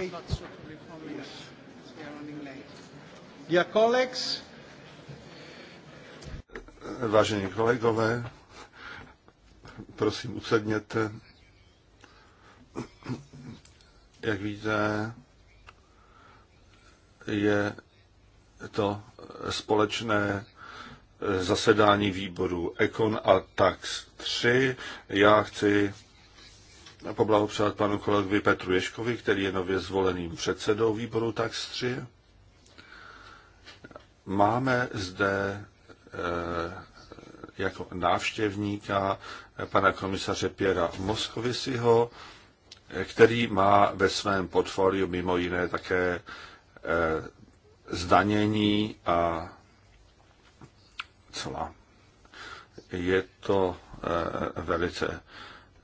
It's not suitably formulated. We are running late. Dear colleagues. Vážení kolegové, prosím, usedněte. Jak víte, je to společné zasedání výboru Econ a Tax 3. Já chci poblahopřát panu kolegovi Petru Ješkovi, který je nově zvoleným předsedou výboru TAX 3. Máme zde eh, jako návštěvníka pana komisaře Piera Moskovisiho, který má ve svém portfoliu mimo jiné také eh, zdanění a celá. Je to eh, velice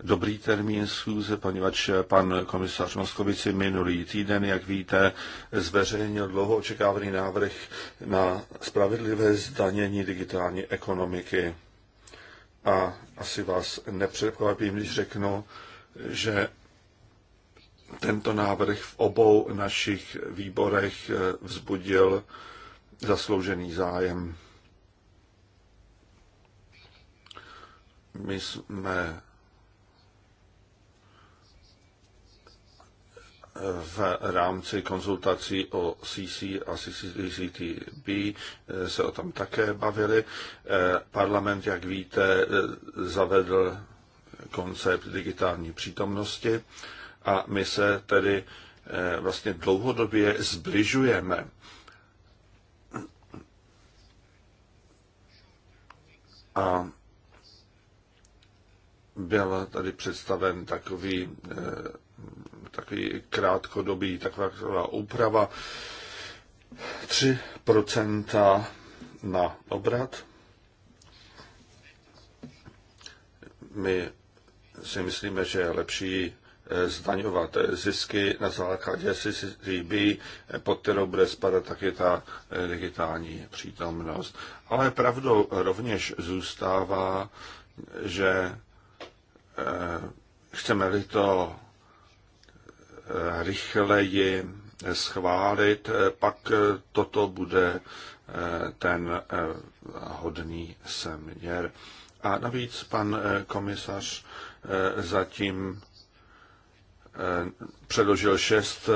dobrý termín schůze, poněvadž pan komisař Moskovici minulý týden, jak víte, zveřejnil dlouho očekávaný návrh na spravedlivé zdanění digitální ekonomiky. A asi vás nepřekvapím, když řeknu, že tento návrh v obou našich výborech vzbudil zasloužený zájem. My jsme v rámci konzultací o CC a CCTB eh, se o tom také bavili. Eh, parlament, jak víte, eh, zavedl koncept digitální přítomnosti a my se tedy vlastně dlouhodobě zbližujeme. A byl tady představen takový takový krátkodobý, taková úprava 3% na obrat. My si myslíme, že je lepší eh, zdaňovat eh, zisky na základě CCTV, pod kterou bude spadat taky ta eh, digitální přítomnost. Ale pravdou rovněž zůstává, že chceme-li to rychleji schválit, pak toto bude eh, ten eh, hodný seměr. A navíc pan eh, komisař zatím předložil šest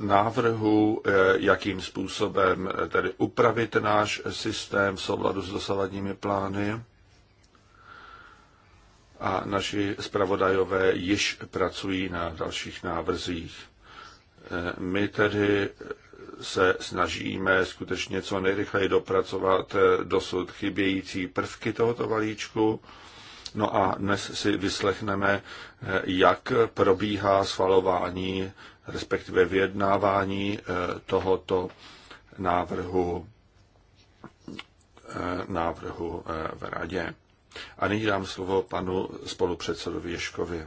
návrhu, jakým způsobem tedy upravit náš systém v souladu s dosavadními plány a naši zpravodajové již pracují na dalších návrzích. Eh, my tedy se snažíme skutečně co nejrychleji dopracovat eh, dosud chybějící prvky tohoto valíčku. No a dnes si vyslechneme, eh, jak probíhá svalování, respektive vyjednávání tohoto návrhu, návrhu v radě. A nyní dám slovo panu spolupředsedovi Ješkovi.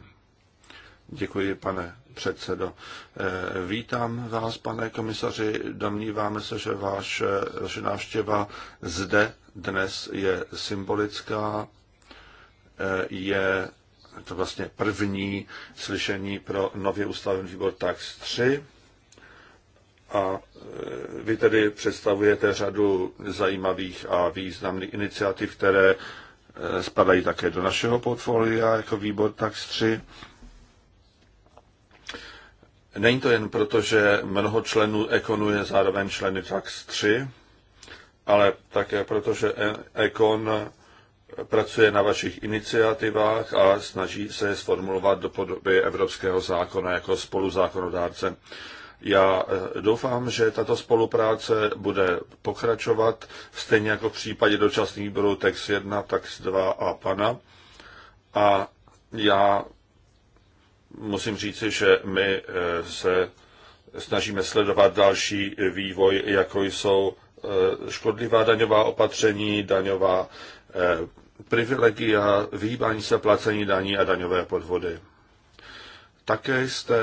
Děkuji, pane předsedo. Eh, vítám vás, pane komisaři. Domníváme se, že váš, vaše návštěva zde dnes je symbolická, eh, je to vlastně první slyšení pro nově ustavený výbor TAX 3. A eh, vy tedy představujete řadu zajímavých a významných iniciativ, které Eh, spadají také do našeho portfolia jako výbor TAX 3. Není to jen proto, že mnoho členů Ekonu je zároveň členy TAX 3, ale také proto, že Ekon eh, pracuje na vašich iniciativách a snaží se je sformulovat do podoby evropského zákona jako spoluzákonodárce. Já eh, doufám, že tato spolupráce bude pokračovat, stejně jako v případě dočasných výborů TEX 1, TEX 2 a PANA. A já musím říci, že my eh, se snažíme sledovat další vývoj, jako jsou eh, škodlivá daňová opatření, daňová privilegia, vyhýbání se placení daní a daňové podvody. Také jste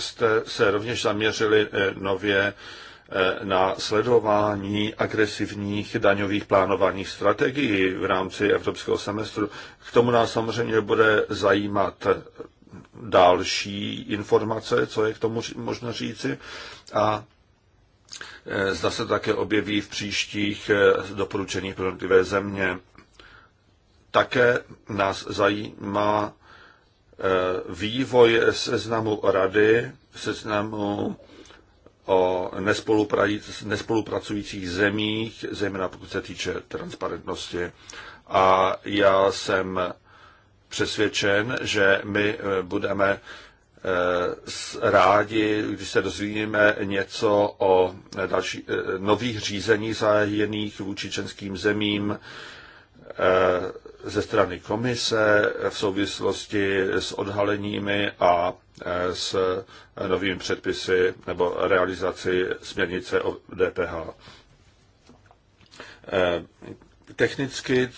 jste se rovněž zaměřili eh, nově eh, na sledování agresivních daňových plánovaných strategií v rámci evropského semestru. K tomu nás samozřejmě bude zajímat další informace, co je k tomu možno říci. A eh, zda se také objeví v příštích doporučeních pro země. Také nás zajímá Eh, vývoj seznamu rady, seznamu o nespolupracujících zemích, zejména pokud se týče transparentnosti. A já jsem přesvědčen, že my eh, budeme eh, rádi, když se dozvíme něco o další, nových řízení zahájených vůči českým zemím, ze strany komise v souvislosti s odhaleními a e, s novými předpisy nebo realizaci směrnice o DPH. E, technicky e,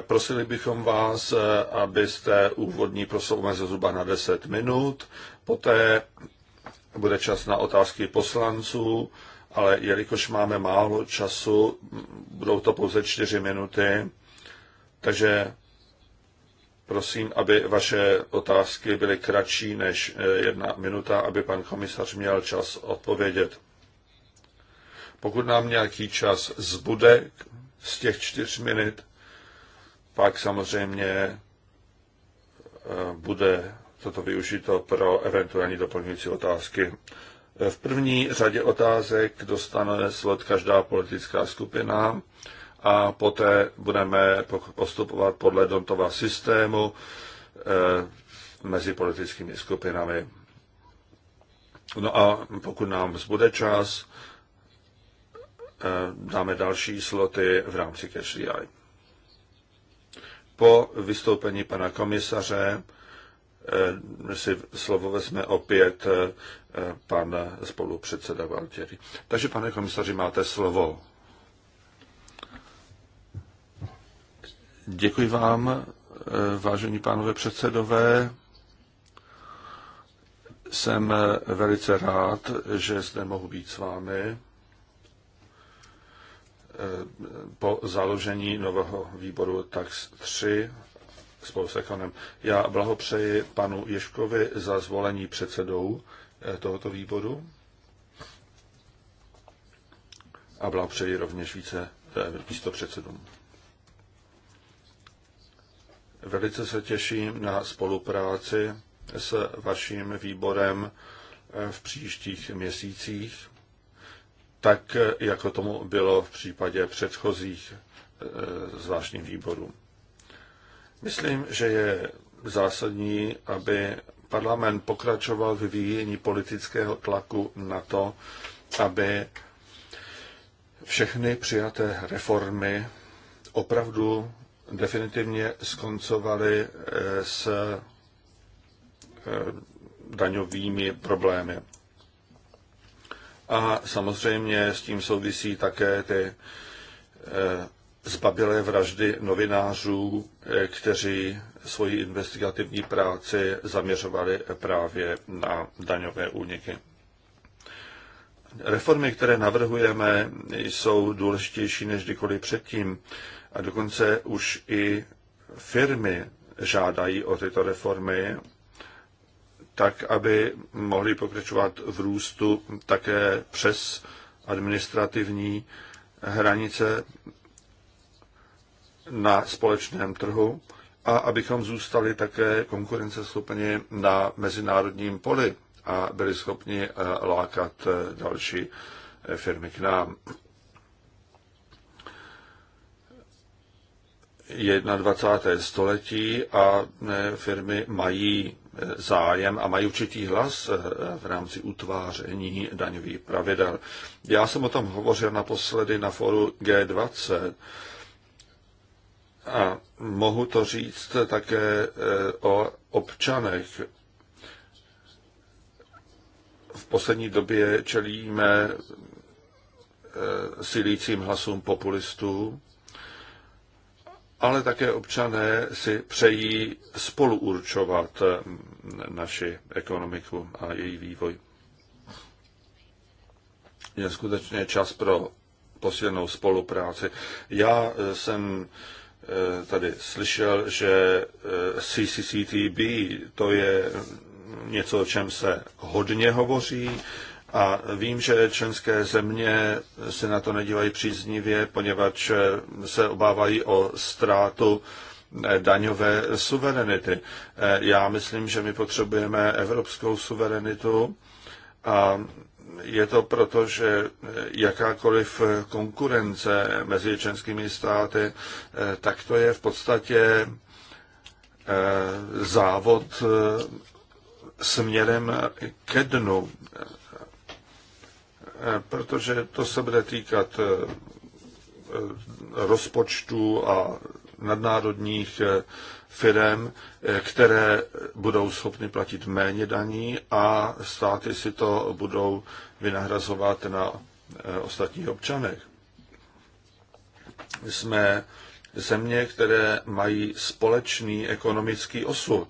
prosili bychom vás, abyste úvodní proslov omezil zhruba na 10 minut, poté bude čas na otázky poslanců, ale jelikož máme málo času, budou to pouze 4 minuty, takže prosím, aby vaše otázky byly kratší než eh, jedna minuta, aby pan komisař měl čas odpovědět. Pokud nám nějaký čas zbude z těch čtyř minut, pak samozřejmě eh, bude toto využito pro eventuální doplňující otázky. Eh, v první řadě otázek dostane slot každá politická skupina a poté budeme postupovat podle Dontova systému eh, mezi politickými skupinami. No a pokud nám zbude čas, eh, dáme další sloty v rámci CashDI. Po vystoupení pana komisaře eh, si slovo vezme opět pan spolupředseda Valtěry. Takže, pane komisaři, máte slovo. Děkuji vám, eh, vážení pánové předsedové. Jsem eh, velice rád, že zde mohu být s vámi eh, po založení nového výboru TAX 3 spolu s Ekonem. Já blahopřeji panu Ješkovi za zvolení předsedou tohoto výboru a blahopřeji rovněž více místo předsedům. Velice se těším na spolupráci s vaším výborem eh, v příštích měsících, tak eh, jako tomu bylo v případě předchozích eh, zvláštních výborů. Myslím, že je zásadní, aby parlament pokračoval v vyvíjení politického tlaku na to, aby všechny přijaté reformy opravdu definitivně skoncovali eh, s eh, daňovými problémy. A samozřejmě s tím souvisí také ty eh, zbabilé vraždy novinářů, kteří svoji investigativní práci zaměřovali právě na daňové úniky. Reformy, které navrhujeme, jsou důležitější než kdykoliv předtím, a dokonce už i firmy žádají o tyto reformy, tak, aby mohly pokračovat v růstu také přes administrativní hranice na společném trhu a abychom zůstali také konkurenceschopni na mezinárodním poli a byli schopni eh, lákat eh, další eh, firmy k nám. 21. století a e, firmy mají e, zájem a mají určitý hlas e, v rámci utváření daňových pravidel. Já jsem o tom hovořil naposledy na foru G20 a mohu to říct také o občanech. V poslední době čelíme silícím hlasům populistů, ale také občané si přejí spoluurčovat naši ekonomiku a její vývoj. Je skutečně čas pro posílenou spolupráci. Já jsem eh, tady slyšel, že eh, CCCTB to je něco, o čem se hodně hovoří. A vím, že členské země se na to nedívají příznivě, poněvadž se obávají o ztrátu eh, daňové suverenity. Eh, já myslím, že my potřebujeme evropskou suverenitu a je to proto, že eh, jakákoliv konkurence mezi členskými státy, tak to je v podstatě závod směrem ke dnu. Eh, protože to se bude týkat eh, eh, rozpočtu a nadnárodních firm, které budou schopny platit méně daní a státy si to budou vynahrazovat na ostatních občanech. Jsme země, které mají společný ekonomický osud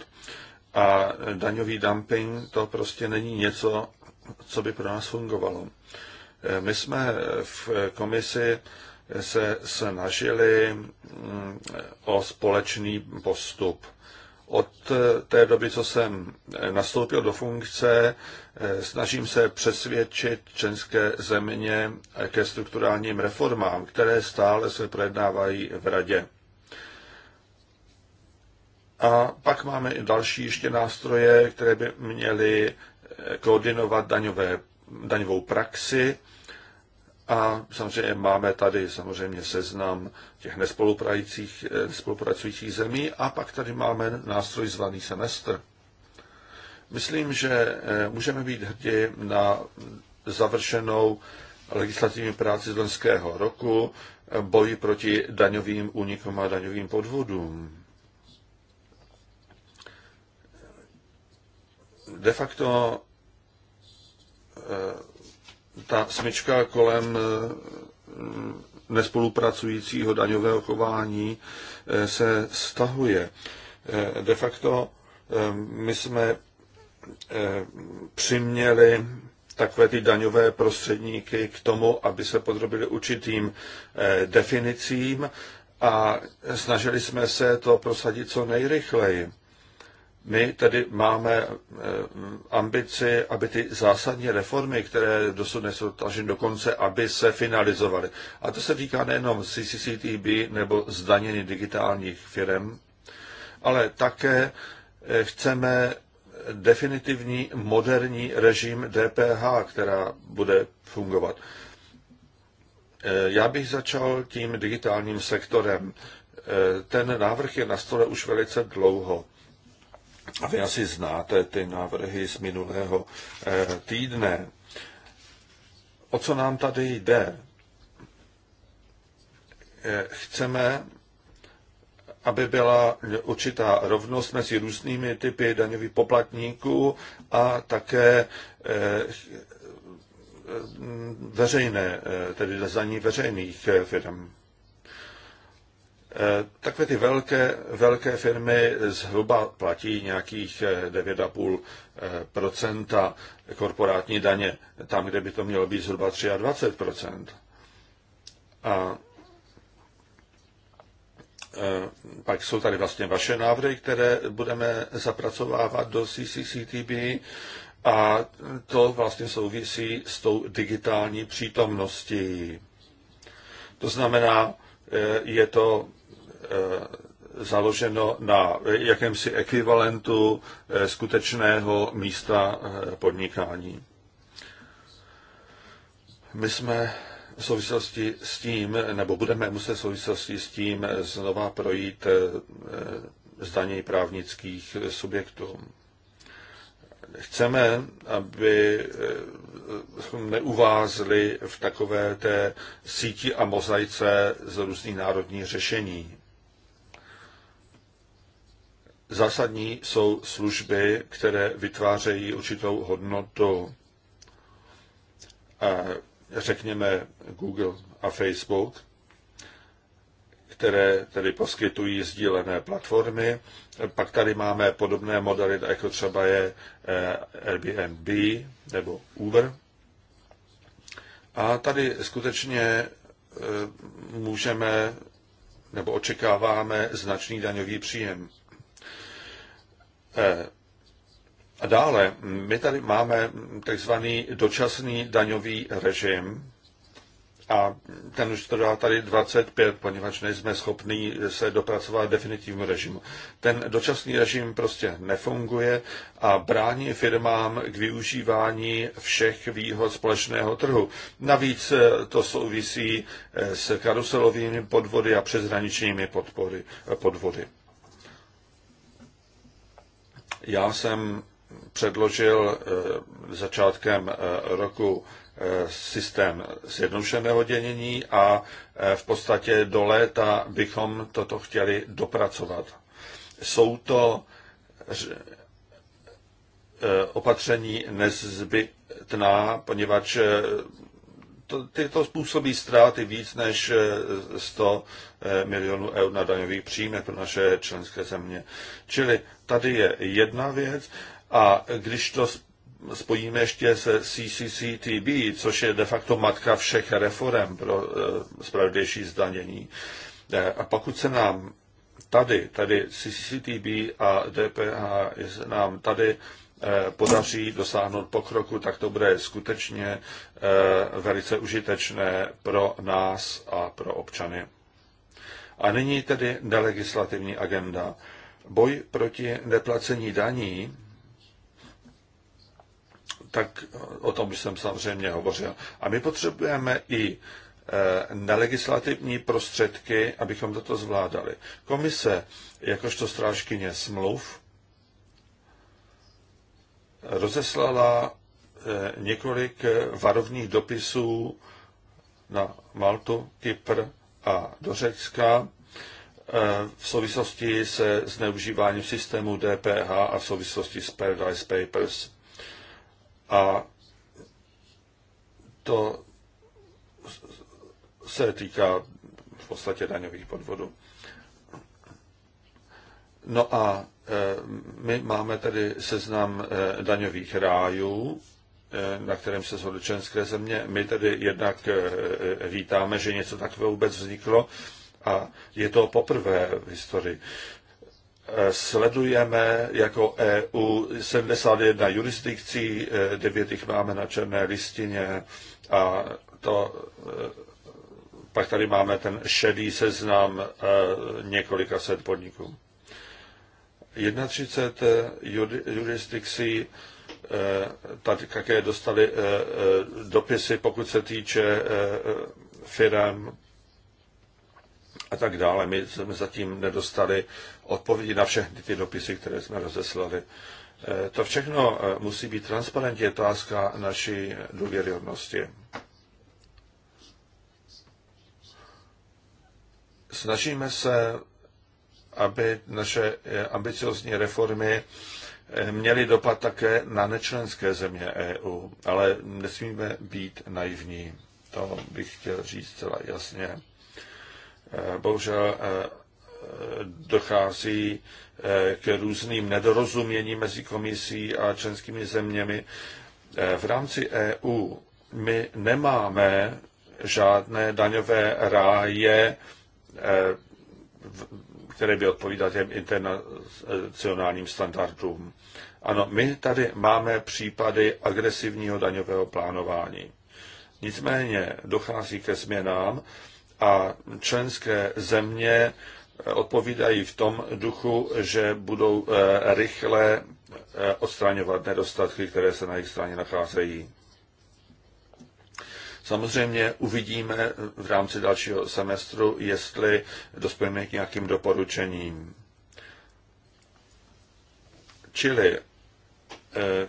a daňový dumping to prostě není něco, co by pro nás fungovalo. My jsme v komisi se snažili mm, o společný postup. Od té doby, co jsem nastoupil do funkce, eh, snažím se přesvědčit členské země ke strukturálním reformám, které stále se projednávají v Radě. A pak máme i další ještě nástroje, které by měly eh, koordinovat daňové, daňovou praxi a samozřejmě máme tady samozřejmě seznam těch eh, nespolupracujících zemí a pak tady máme nástroj zvaný semestr. Myslím, že eh, můžeme být hrdí na završenou legislativní práci z loňského roku eh, boji proti daňovým únikům a daňovým podvodům. De facto ta smyčka kolem eh, nespolupracujícího daňového chování eh, se stahuje. Eh, de facto my jsme přiměli takové ty daňové prostředníky k tomu, aby se podrobili určitým definicím a snažili jsme se to prosadit co nejrychleji. My tedy máme eh, ambici, aby ty zásadní reformy, které dosud nejsou taženy do konce, aby se finalizovaly. A to se týká nejenom CCCTB nebo zdanění digitálních firm, ale také eh, chceme definitivní moderní režim DPH, která bude fungovat. Eh, já bych začal tím digitálním sektorem. Ten návrh je na stole už velice dlouho. A vy asi znáte ty návrhy z minulého eh, týdne. O co nám tady jde? Eh, chceme, aby byla určitá rovnost mezi různými typy daňových poplatníků a také eh, veřejné, tedy za veřejných firm. Eh, takové ty velké, velké firmy zhruba platí nějakých 9,5 eh, eh, korporátní daně, tam, kde by to mělo být zhruba 23 A pak jsou tady vlastně vaše návrhy, které budeme zapracovávat do CCCTB a to vlastně souvisí s tou digitální přítomností. To znamená, je to Eh, založeno na jakémsi ekvivalentu eh, skutečného místa eh, podnikání. My jsme v souvislosti s tím, nebo budeme muset v souvislosti s tím znova projít zdanění právnických subjektů. Chceme, aby neuvázli v takové té síti a mozaice z různých národních řešení. Zásadní jsou služby, které vytvářejí určitou hodnotu, řekněme Google a Facebook, které tedy poskytují sdílené platformy. Pak tady máme podobné modely, jako třeba je eh, Airbnb nebo Uber. A tady skutečně eh, můžeme nebo očekáváme značný daňový příjem. Eh, a dále, my tady máme takzvaný dočasný daňový režim a ten už to dá tady 25, poněvadž nejsme schopni se dopracovat definitivní režimu. Ten dočasný režim prostě nefunguje a brání firmám k využívání všech výhod společného trhu. Navíc eh, to souvisí eh, s karuselovými podvody a přeshraničními podpory, podvody. Já jsem předložil eh, začátkem eh, roku eh, systém zjednodušeného děnění a v podstatě do léta bychom toto chtěli dopracovat. Jsou to opatření nezbytná, poněvadž to, tyto způsobí ztráty víc než 100 eh, eh, milionů eur na daňových příjmech pro naše členské země. Čili tady je jedna věc a když to spojíme ještě se CCCTB, což je de facto matka všech reform pro eh, spravedlivější zdanění. A pokud se nám tady, tady CCCTB a DPH, se nám tady Eh, podaří dosáhnout pokroku, tak to bude skutečně eh, velice užitečné pro nás a pro občany. A nyní tedy nelegislativní agenda. Boj proti neplacení daní, tak o tom jsem samozřejmě hovořil. A my potřebujeme i eh, nelegislativní prostředky, abychom toto zvládali. Komise, jakožto strážkyně smluv, rozeslala eh, několik eh, varovných dopisů na Maltu, Kypr a do Řecka eh, v souvislosti se zneužíváním systému DPH a v souvislosti s Paradise Papers. A to se týká v podstatě daňových podvodů. No a Eh, my máme tady seznam eh, daňových rájů, eh, na kterém se shodly členské země. My tedy jednak vítáme, že něco takové vůbec vzniklo a je to poprvé v historii. Sledujeme jako EU 71 jurisdikcí, 9 jich máme na černé listině a to pak tady máme ten šedý seznam několika set podniků. 31 jurisdikcí eh, tady také dostali eh, eh, dopisy, pokud se týče firm a tak dále. My jsme zatím nedostali odpovědi na všechny ty dopisy, které jsme rozeslali. To všechno musí být transparentní otázka naší důvěryhodnosti. Snažíme se aby naše eh, ambiciozní reformy eh, měly dopad také na nečlenské země EU, ale nesmíme být naivní. To bych chtěl říct celá jasně. Eh, bohužel dochází k různým nedorozuměním mezi komisí a členskými zeměmi. V rámci EU my nemáme žádné daňové ráje které by odpovídaly těm internacionálním standardům. Ano, my tady máme případy agresivního daňového plánování. Nicméně dochází ke změnám a členské země odpovídají v tom duchu, že budou eh, rychle eh, odstraňovat nedostatky, které se na jejich straně nacházejí. Samozřejmě uvidíme v rámci dalšího semestru, jestli dospějeme k nějakým doporučením. Čili eh,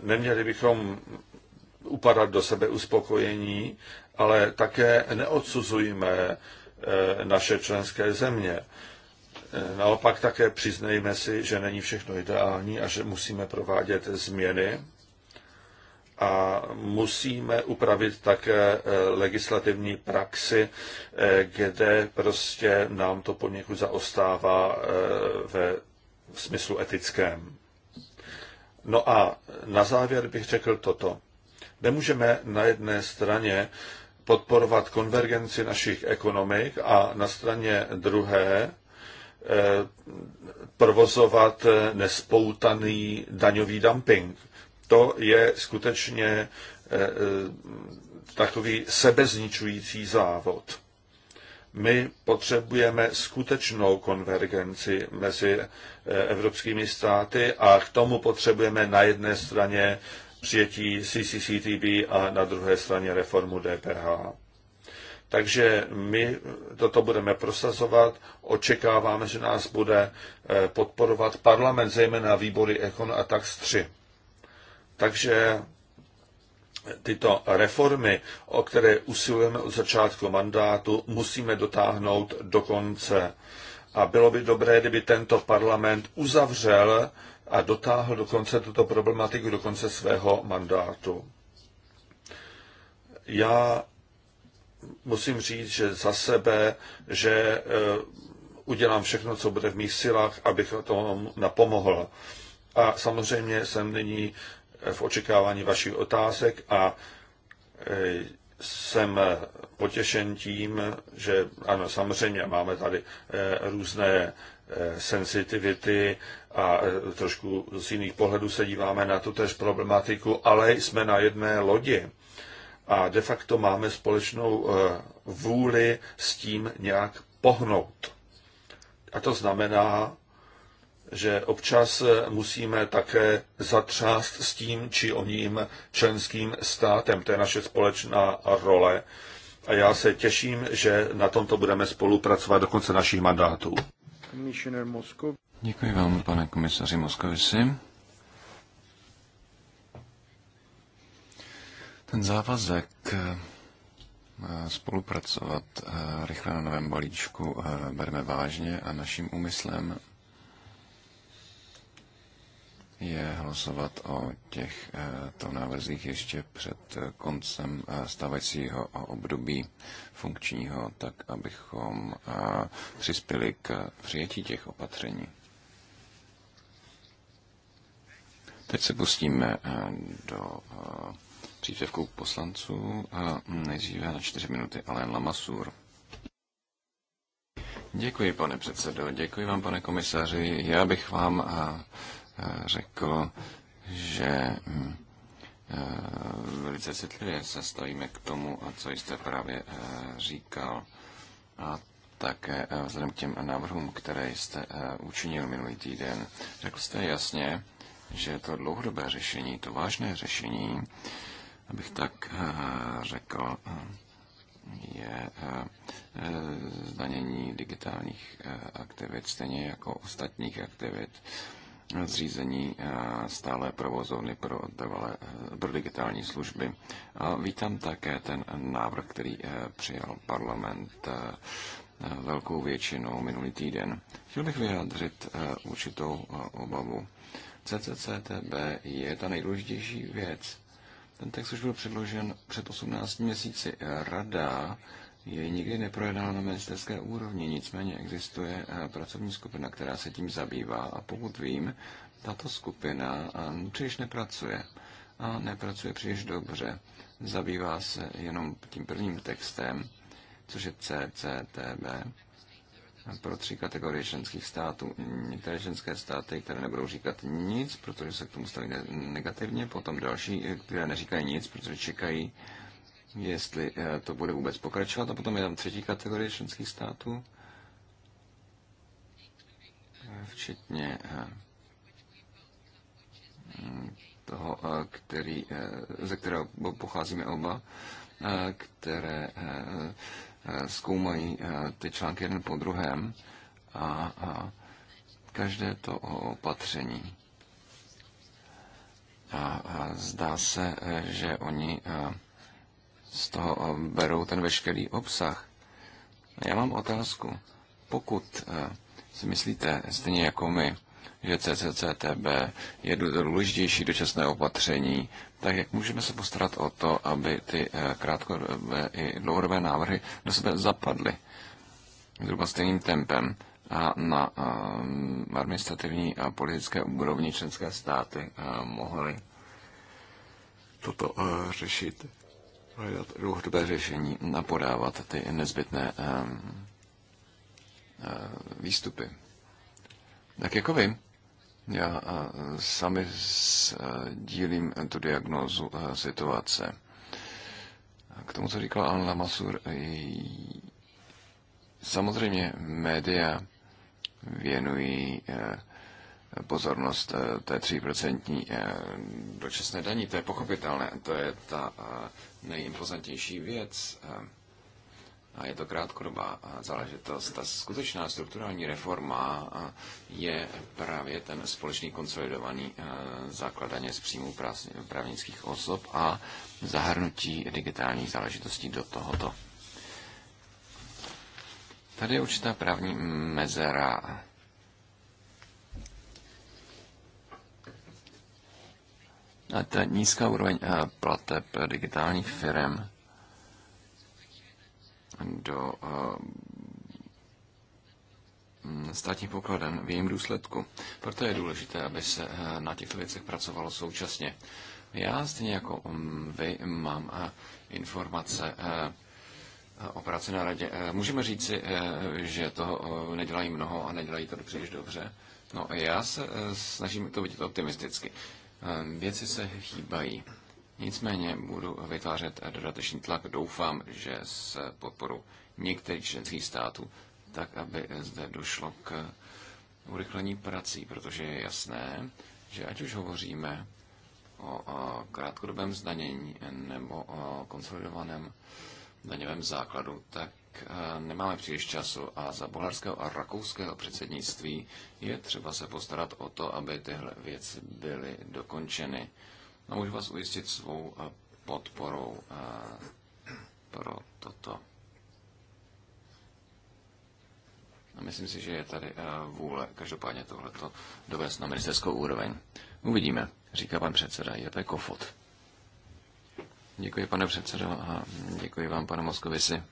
neměli bychom upadat do sebe uspokojení, ale také neodsuzujme eh, naše členské země. Eh, naopak také přiznejme si, že není všechno ideální a že musíme provádět změny a musíme upravit také eh, legislativní praxi, eh, kde prostě nám to poněkud zaostává eh, ve smyslu etickém. No a na závěr bych řekl toto. Nemůžeme na jedné straně podporovat konvergenci našich ekonomik a na straně druhé provozovat nespoutaný daňový dumping to je skutečně eh, eh, takový sebezničující závod. My potřebujeme skutečnou konvergenci mezi eh, evropskými státy a k tomu potřebujeme na jedné straně přijetí CCCTB a na druhé straně reformu DPH. Takže my toto budeme prosazovat, očekáváme, že nás bude podporovat parlament, zejména výbory Ekon a tak 3. Takže tyto reformy, o které usilujeme od začátku mandátu, musíme dotáhnout do konce. A bylo by dobré, kdyby tento parlament uzavřel a dotáhl do konce tuto problematiku, do konce svého mandátu. Já musím říct, že za sebe, že eh, udělám všechno, co bude v mých silách, abych tomu napomohl. A samozřejmě jsem nyní v očekávání vašich otázek a e, jsem potěšen tím, že ano, samozřejmě máme tady e, různé e, sensitivity a trošku z jiných pohledů se díváme na tu tež problematiku, ale jsme na jedné lodi a de facto máme společnou vůli s tím nějak pohnout. A to znamená že občas eh, musíme také zatřást s tím či oním členským státem. To je naše společná role. A já se těším, že na tomto budeme spolupracovat do konce našich mandátů. Děkuji vám, pane komisaři Moskovici. Ten závazek eh, spolupracovat eh, rychle na novém balíčku bereme vážně a naším úmyslem je hlasovat o těch eh, to návrzích ještě před eh, koncem eh, stávajícího období funkčního, tak abychom přispěli k přijetí těch opatření. Teď se pustíme do příspěvků poslanců a nejdříve na čtyři minuty Alain Lamassur. Děkuji, pane předsedo, děkuji vám, pane komisaři. Já bych vám řekl, že hm, eh, velice citlivě se stojíme k tomu, co jste právě eh, říkal. A také eh, vzhledem k těm návrhům, které jste učinil minulý týden. Řekl jste jasně, že to dlouhodobé řešení, to vážné řešení, abych tak řekl, je zdanění digitálních aktivit, stejně jako ostatních aktivit zřízení eh, stále provozovny pro, trvalé, eh, pro digitální služby. A vítám také ten návrh, který eh, přijal parlament velkou většinou minulý týden. Chtěl bych vyjádřit určitou obavu. CCCTB je ta nejdůležitější věc. Ten text už byl předložen před 18 měsíci. Rada je nikdy neprojednal na ministerské úrovni, nicméně existuje eh, pracovní skupina, která se tím zabývá a pokud vím, tato skupina eh, příliš nepracuje a nepracuje příliš dobře. Zabývá se jenom tím prvním textem, což je CCTB, eh, pro tři kategorie členských států. Některé členské státy, které nebudou říkat nic, protože se k tomu staví negativně, potom další, které neříkají nic, protože čekají jestli eh, to bude vůbec pokračovat. A potom je tam třetí kategorie členských států, eh, včetně eh, toho, který, ze kterého pocházíme oba, které zkoumají ty články jeden po druhém a, každé to opatření. A, a zdá se, že oni a, z toho eh, berou ten veškerý obsah. A já mám otázku. Pokud eh, si myslíte, stejně jako my, že CCCTB je důležitější dočasné opatření, tak jak můžeme se postarat o to, aby ty eh, krátkodobé i dlouhodobé návrhy do sebe zapadly zhruba stejným tempem a na administrativní a politické úrovni členské státy mohly toto řešit hledat dlouhodobé řešení a podávat ty nezbytné výstupy. Tak jako vy, já sami sdílím e, tu diagnózu e, situace. K tomu, co říkal Anna Lamassur, e, samozřejmě média věnují pozornost té 3% dočasné daní. To je pochopitelné, to je ta nejimpozantnější věc eh, a je to krátkodobá eh, záležitost. Ta skutečná strukturální reforma eh, je právě ten společný konsolidovaný základaně z příjmů právnických osob a zahrnutí digitálních záležitostí do tohoto. Tady je určitá právní mezera ta nízká úroveň eh, plateb digitálních firm do eh, státních pokladen v jejím důsledku. Proto je důležité, aby se eh, na těchto věcech pracovalo současně. Já stejně jako mm, vy mám informace o práci na radě. Můžeme říci, že to nedělají mnoho a nedělají to příliš dobře. No, já se snažím to vidět optimisticky. Ehm, věci se chýbají. Nicméně budu vytvářet dodatečný tlak. Doufám, že s podporou některých členských států, tak aby zde došlo k urychlení prací, protože je jasné, že ať už hovoříme o krátkodobém zdanění nebo o konsolidovaném daňovém základu, tak Eh, nemáme příliš času a za bulharského a rakouského předsednictví je třeba se postarat o to, aby tyhle věci byly dokončeny. A můžu vás ujistit svou eh, podporou eh, pro toto. A myslím si, že je tady vůle každopádně tohleto dovést na ministerskou úroveň. Uvidíme, říká pan předseda J.P. Kofot. Děkuji, pane předsedo, a děkuji vám, pane Moskovisi.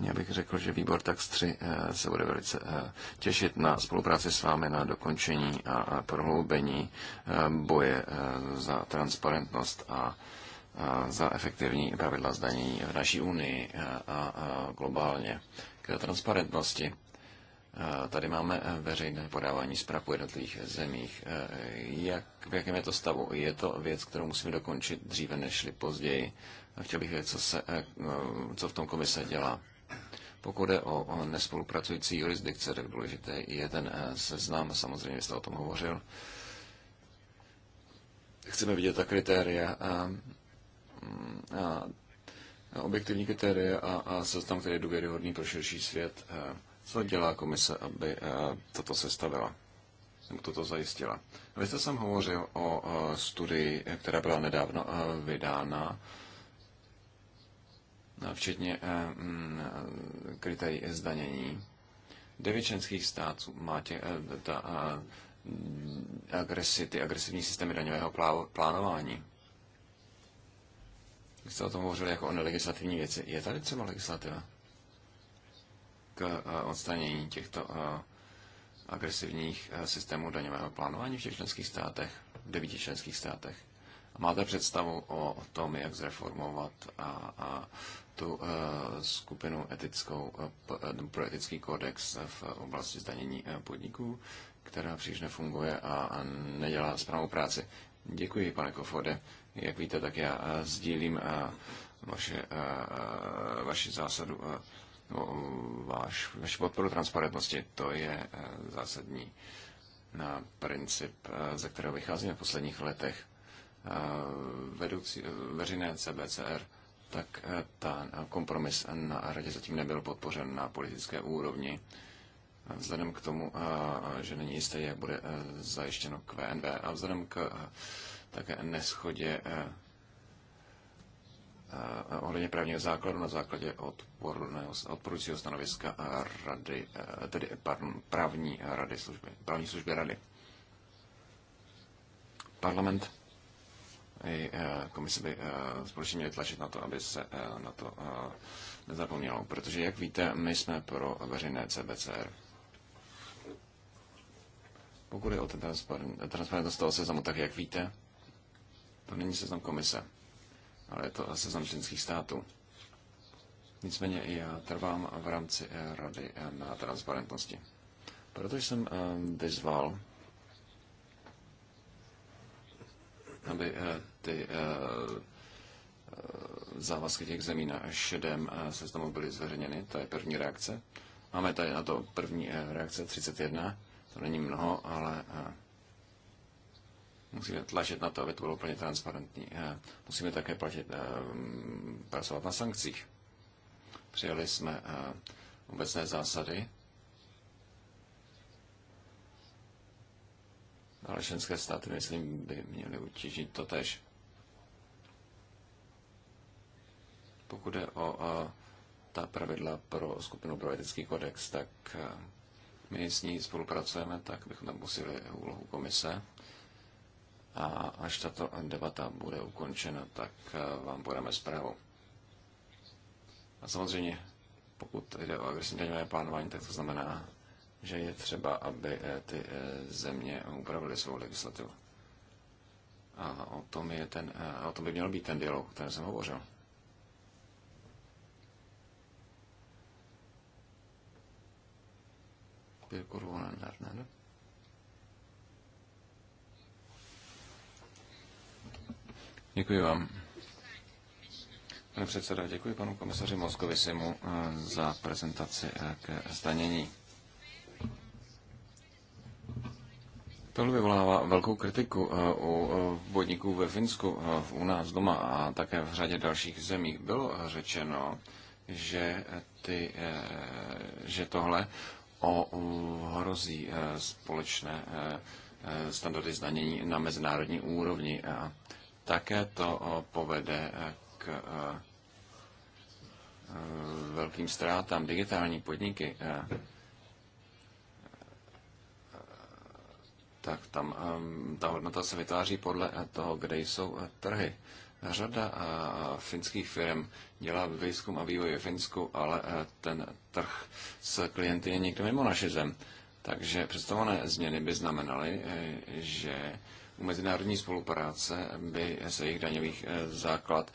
Já bych řekl, že výbor TAX 3 eh, se bude velice eh, těšit na spolupráci s vámi na dokončení a prohloubení eh, boje za transparentnost a za efektivní pravidla zdanění v naší unii a globálně. K transparentnosti. Tady máme veřejné podávání zpráv v jednotlivých zemích. Jak, v jakém je to stavu? Je to věc, kterou musíme dokončit dříve než později? Chtěl bych vědět, co, se, co v tom komise dělá. Pokud jde o nespolupracující jurisdikce, tak důležité je ten eh, seznam, samozřejmě jste o tom hovořil. Chceme vidět ta kritéria eh, mm, a, a objektivní kritéria a, a seznam, který je důvěryhodný pro širší svět. Eh, co dělá komise, aby toto sestavila? Nebo toto zajistila? Vy jste jsem hovořil o studii, která byla nedávno vydána No, včetně eh, mm, eh, kritérií zdanění. Devět členských států má tě, eh, ta, agresi, ty agresivní systémy daňového plánování. Vy jste o tom hovořili jako o nelegislativní věci. Je tady třeba legislativa k odstranění těchto agresivních systémů daňového plánování v těch členských státech, v devíti členských státech? Máte představu o tom, jak zreformovat a, a tu eh, skupinu etickou, eh, eh, pro etický kodex v oblasti zdanění podniků, která příliš nefunguje a nedělá správnou práci. Děkuji, pane Kofode. Jak víte, tak já sdílím vaše, vaši zásadu, váš, vaši podporu transparentnosti. To je zásadní na princip, ze kterého vycházíme v posledních letech vedoucí veřejné CBCR tak eh, ta eh, kompromis na radě zatím nebyl podpořen na politické úrovni. Vzhledem k tomu, eh, že není jisté, jak bude zajištěno QNV a vzhledem k také neschodě ohledně právního základu na základě odporného, odporujícího stanoviska rady, tedy pardon, právní, rady služby, právní služby rady. Parlament i eh, komise by eh, společně měly tlačit na to, aby se eh, na to nezapomnělo. Protože, jak víte, my jsme pro veřejné CBCR. Pokud je o ten transparentnost toho seznamu, tak jak víte, to není seznam komise, ale je to seznam členských států. Nicméně i já trvám v rámci Rady na transparentnosti. Protože jsem vyzval aby eh, ty eh, eh, závazky těch zemí na šedém seznamu byly zveřejněny. To je první reakce. Máme tady na to první reakce 31. To není mnoho, ale musíme tlačit na to, aby to bylo úplně transparentní. Musíme také platit, pracovat na sankcích. Přijali jsme obecné zásady ale členské státy, myslím, by měly utěžit to tež. Pokud je o a, ta pravidla pro skupinu pro etický kodex, tak a, my s ní spolupracujeme, tak bychom tam posílili úlohu komise. A až tato debata bude ukončena, tak a, vám podáme zprávu. A samozřejmě, pokud jde o agresivní plánování, tak to znamená že je třeba, aby eh, ty eh, země upravily svou legislativu. A o tom, je ten, eh, o tom by měl být ten dialog, o kterém jsem hovořil. Děkuji vám. Pane předseda, děkuji panu komisaři Simu za prezentaci k zdanění. Tohle vyvolává velkou kritiku eh, u eh, podniků ve Finsku, eh, u nás doma a také v řadě dalších zemích. Bylo řečeno, že, ty, že tohle ohrozí společné standardy zdanění na mezinárodní úrovni a také to povede k velkým ztrátám digitální podniky tak tam ta hodnota se vytváří podle toho, kde jsou trhy. Řada eh, finských firm dělá výzkum a vývoj ve Finsku, ale eh, ten trh s klienty je někde mimo naše zem. Takže představované změny by znamenaly, eh, že u mezinárodní spolupráce by se jejich daňových základ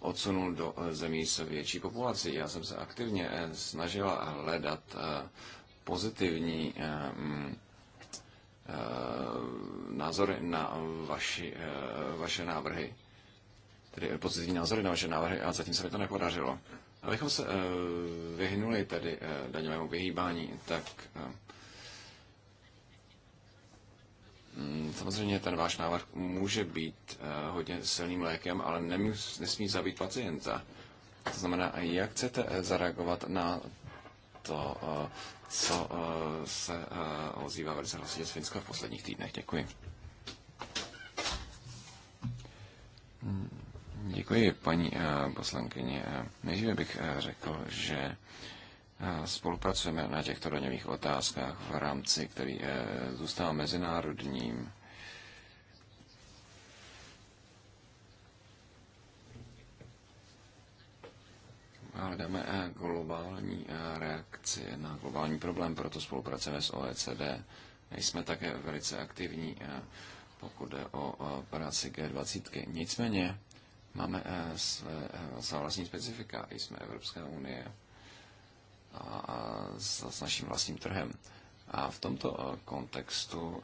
odsunul do zemí s větší populací. Já jsem se aktivně snažila hledat pozitivní mm, Eh, názory na vaši, eh, vaše návrhy, tedy pozitivní názory na vaše návrhy a zatím se mi to nepodařilo. Abychom se eh, vyhnuli tedy daňovému vyhýbání, tak mm, samozřejmě ten váš návrh může být hodně silným lékem, ale nesmí zabít pacienta. To znamená, jak chcete zareagovat na to co eh, se eh, ozývá velice hlasitě z Finska v posledních týdnech. Děkuji. Hmm, děkuji, paní eh, poslankyně. Nejdříve bych řekl, že spolupracujeme na těchto daňových otázkách v rámci, který zůstává mezinárodním Hledáme eh, globální eh, reakci na globální problém, proto spolupracujeme s OECD. Jsme také velice aktivní, eh, pokud jde o práci G20. Nicméně máme své, své vlastní specifika, jsme Evropská unie a s naším vlastním trhem. A v tomto kontextu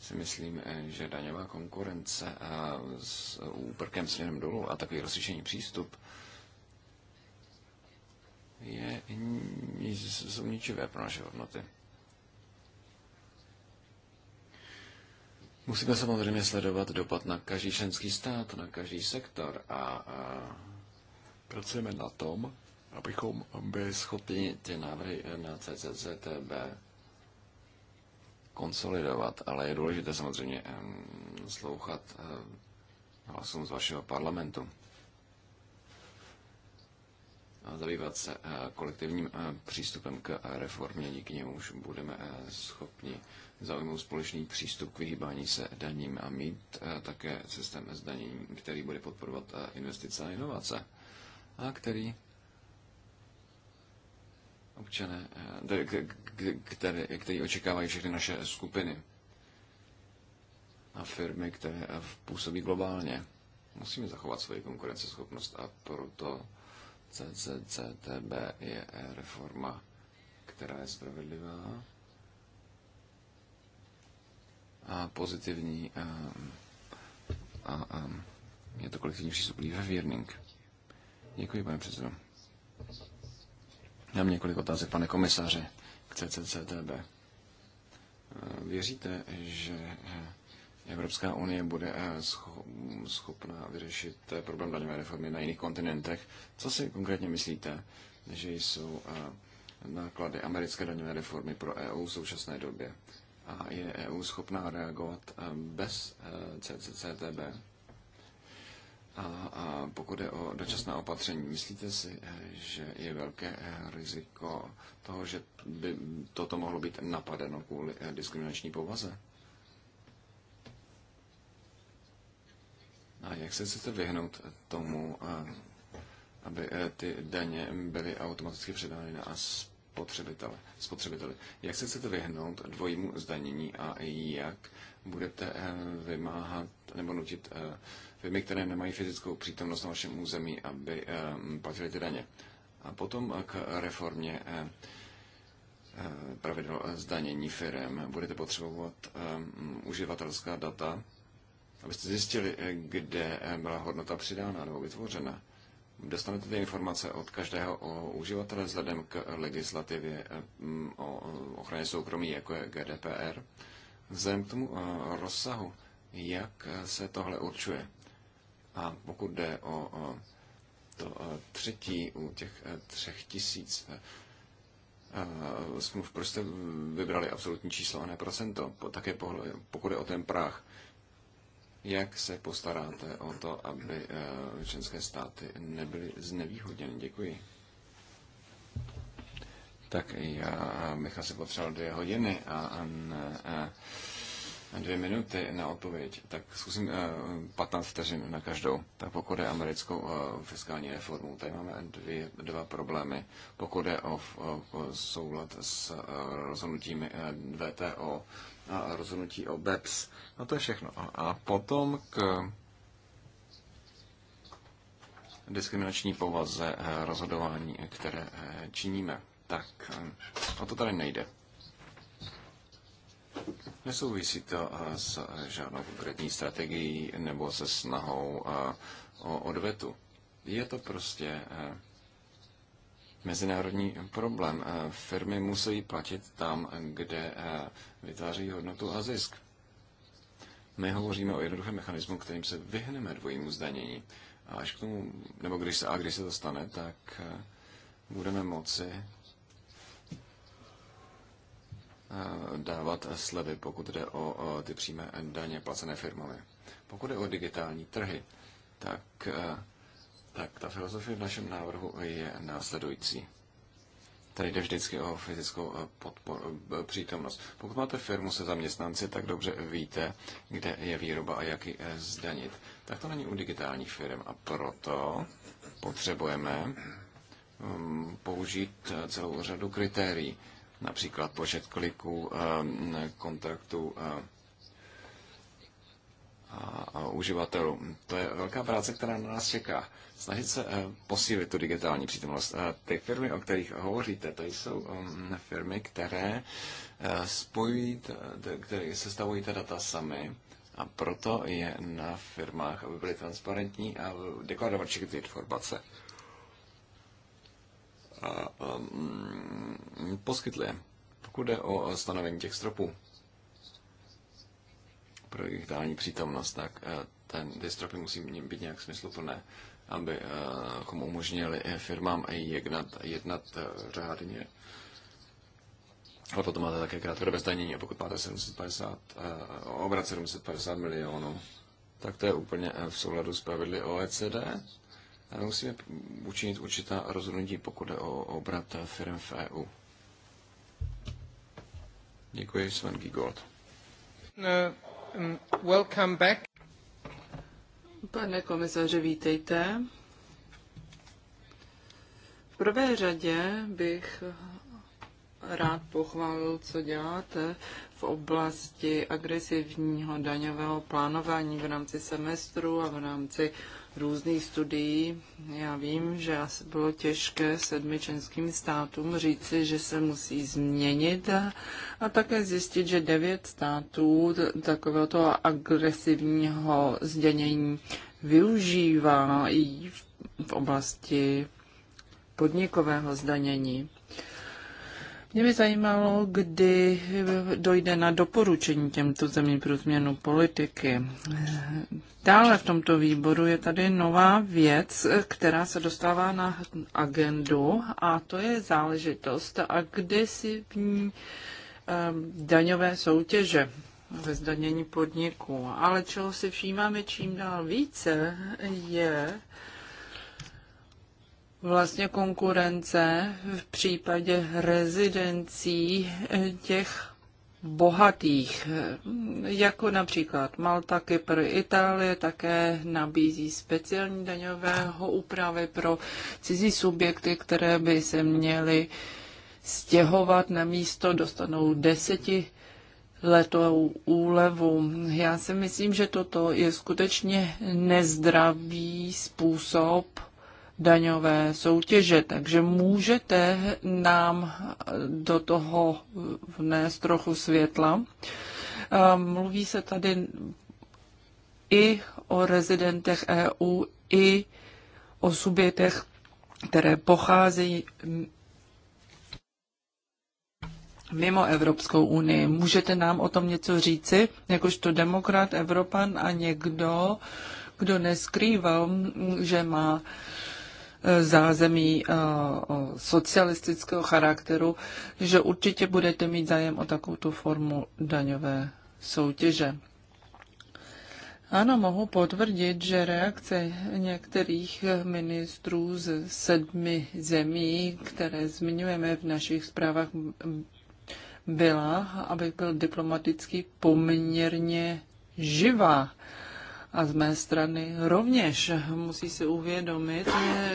si myslím, že daňová konkurence s úprkem směrem dolů a takový rozlišený přístup je, jsou ničivé pro naše hodnoty. Musíme samozřejmě sledovat dopad na každý členský stát, na každý sektor a, a pracujeme na tom, abychom byli schopni ty návrhy na CCCTB konsolidovat, ale je důležité samozřejmě slouchat eh, hlasům z vašeho parlamentu zabývat se eh, kolektivním eh, přístupem k eh, reformě, díky němuž budeme schopni zaujmout společný přístup k vyhýbání se daním a mít také systém zdanění, který bude podporovat investice a inovace a který občané, který, který očekávají všechny naše skupiny a firmy, které působí globálně. Musíme zachovat svoji konkurenceschopnost a proto CCCTB je reforma, která je spravedlivá a pozitivní a, eh, a, a je to kolektivní přístup Leverwirning. Děkuji, pane předsedo. Já mám několik otázek, pane komisaře, k CCCTB. Eh, věříte, že eh, Evropská unie bude eh, schopna vyřešit eh, problém daňové reformy na jiných kontinentech. Co si konkrétně myslíte, že jsou eh, náklady americké daňové reformy pro EU v současné době? A je EU schopná reagovat bez CCCTB? A, pokud je o dočasné opatření, myslíte si, že je velké riziko toho, že by toto mohlo být napadeno kvůli diskriminační povaze? A jak se chcete vyhnout tomu, eh, aby eh, ty daně byly automaticky předány na spotřebitele, spotřebitele. Jak se chcete vyhnout dvojímu zdanění a jak budete eh, vymáhat nebo nutit firmy, které nemají fyzickou přítomnost na vašem území, aby platili ty daně? A potom k reformě pravidel zdanění firm budete potřebovat uživatelská data abyste zjistili, eh, kde eh, byla hodnota přidána nebo vytvořena. Dostanete ty informace od každého o uživatele vzhledem k legislativě eh, mm, o ochraně soukromí, jako je GDPR, vzhledem k tomu rozsahu, jak se tohle určuje. A pokud jde o to třetí u těch třech tisíc smluv, proč jste vybrali absolutní číslo a ne procento, také pokud je o ten práh jak se postaráte o to, aby eh, členské státy nebyly znevýhodněny. Děkuji. Tak já bych asi potřeboval dvě hodiny a, a, eh, a dvě minuty na odpověď, tak zkusím eh, a, 15 vteřin na každou. Tak pokud je americkou a, fiskální reformu, tady máme dvě, dva problémy. Pokud je o, o, o soulad s uh, rozhodnutími uh, VTO, a rozhodnutí o BEPS. No to je všechno. A potom k diskriminační povaze eh, rozhodování, eh, které eh, činíme. Tak o to tady nejde. Nesouvisí to s žádnou konkrétní strategií nebo se snahou o odvetu. Je to prostě mezinárodní problém. Eh, firmy musí platit tam, kde eh, vytváří hodnotu a zisk. My hovoříme o jednoduchém mechanismu, kterým se vyhneme dvojímu zdanění. A až k tomu, nebo když se, a když se to stane, tak eh, budeme moci dávat slevy, pokud jde o ty přímé daně placené firmami. Pokud jde o digitální trhy, tak tak ta filozofie v našem návrhu je následující. Tady jde vždycky o fyzickou eh, podpor, eh, přítomnost. Pokud máte firmu se zaměstnanci, tak dobře víte, kde je výroba a jak ji eh, zdanit. Tak to není u digitálních firm a proto potřebujeme mm, použít celou řadu kritérií, například počet kliků, kontaktů, a uživatelů. To je velká práce, která na nás čeká. Snažit se eh, posílit tu digitální přítomnost. Eh, ty firmy, o kterých hovoříte, to jsou mm, firmy, které eh, spojují, které sestavují ta data sami a proto je na firmách, aby byly transparentní a deklarovat všechny ty informace. A, um, poskytli. Pokud jde o stanovení těch stropů, pro jejich dální přítomnost, tak eh, ten distropy musí být nějak smysluplné, abychom eh, umožnili eh, firmám jednat, jednat řádně. Ale potom máte také krátkodobé zdanění a pokud máte 750, obrat 750 milionů, tak to je úplně v souladu s pravidly OECD. A musíme učinit určitá rozhodnutí, pokud je o obrat firm v EU. Děkuji, Sven Gigold. Ne. Um, welcome back. Pane komisaře, vítejte. V prvé řadě bych rád pochválil, co děláte v oblasti agresivního daňového plánování v rámci semestru a v rámci různých studií. Já vím, že asi bylo těžké sedmi členským státům říci, že se musí změnit a, a také zjistit, že devět států takového toho agresivního zdanění využívá i v oblasti podnikového zdanění. Mě by zajímalo, kdy dojde na doporučení těmto zemím pro změnu politiky. Dále v tomto výboru je tady nová věc, která se dostává na agendu a to je záležitost a kde ní eh, daňové soutěže ve zdanění podniků. Ale čeho si všímáme čím dál více je, vlastně konkurence v případě rezidencí těch bohatých, jako například Malta, Kypr, Itálie, také nabízí speciální daňového úpravy pro cizí subjekty, které by se měly stěhovat na místo, dostanou deseti letou úlevu. Já si myslím, že toto je skutečně nezdravý způsob daňové soutěže. Takže můžete nám do toho vnést trochu světla. Mluví se tady i o rezidentech EU, i o subjektech, které pocházejí mimo Evropskou unii. Můžete nám o tom něco říci, jakožto demokrat, Evropan a někdo, kdo neskrýval, že má zázemí eh, socialistického charakteru, že určitě budete mít zájem o takovou formu daňové soutěže. Ano, mohu potvrdit, že reakce některých ministrů z sedmi zemí, které zmiňujeme v našich zprávách, byla, abych byl diplomatický, poměrně živá a z mé strany rovněž musí si uvědomit,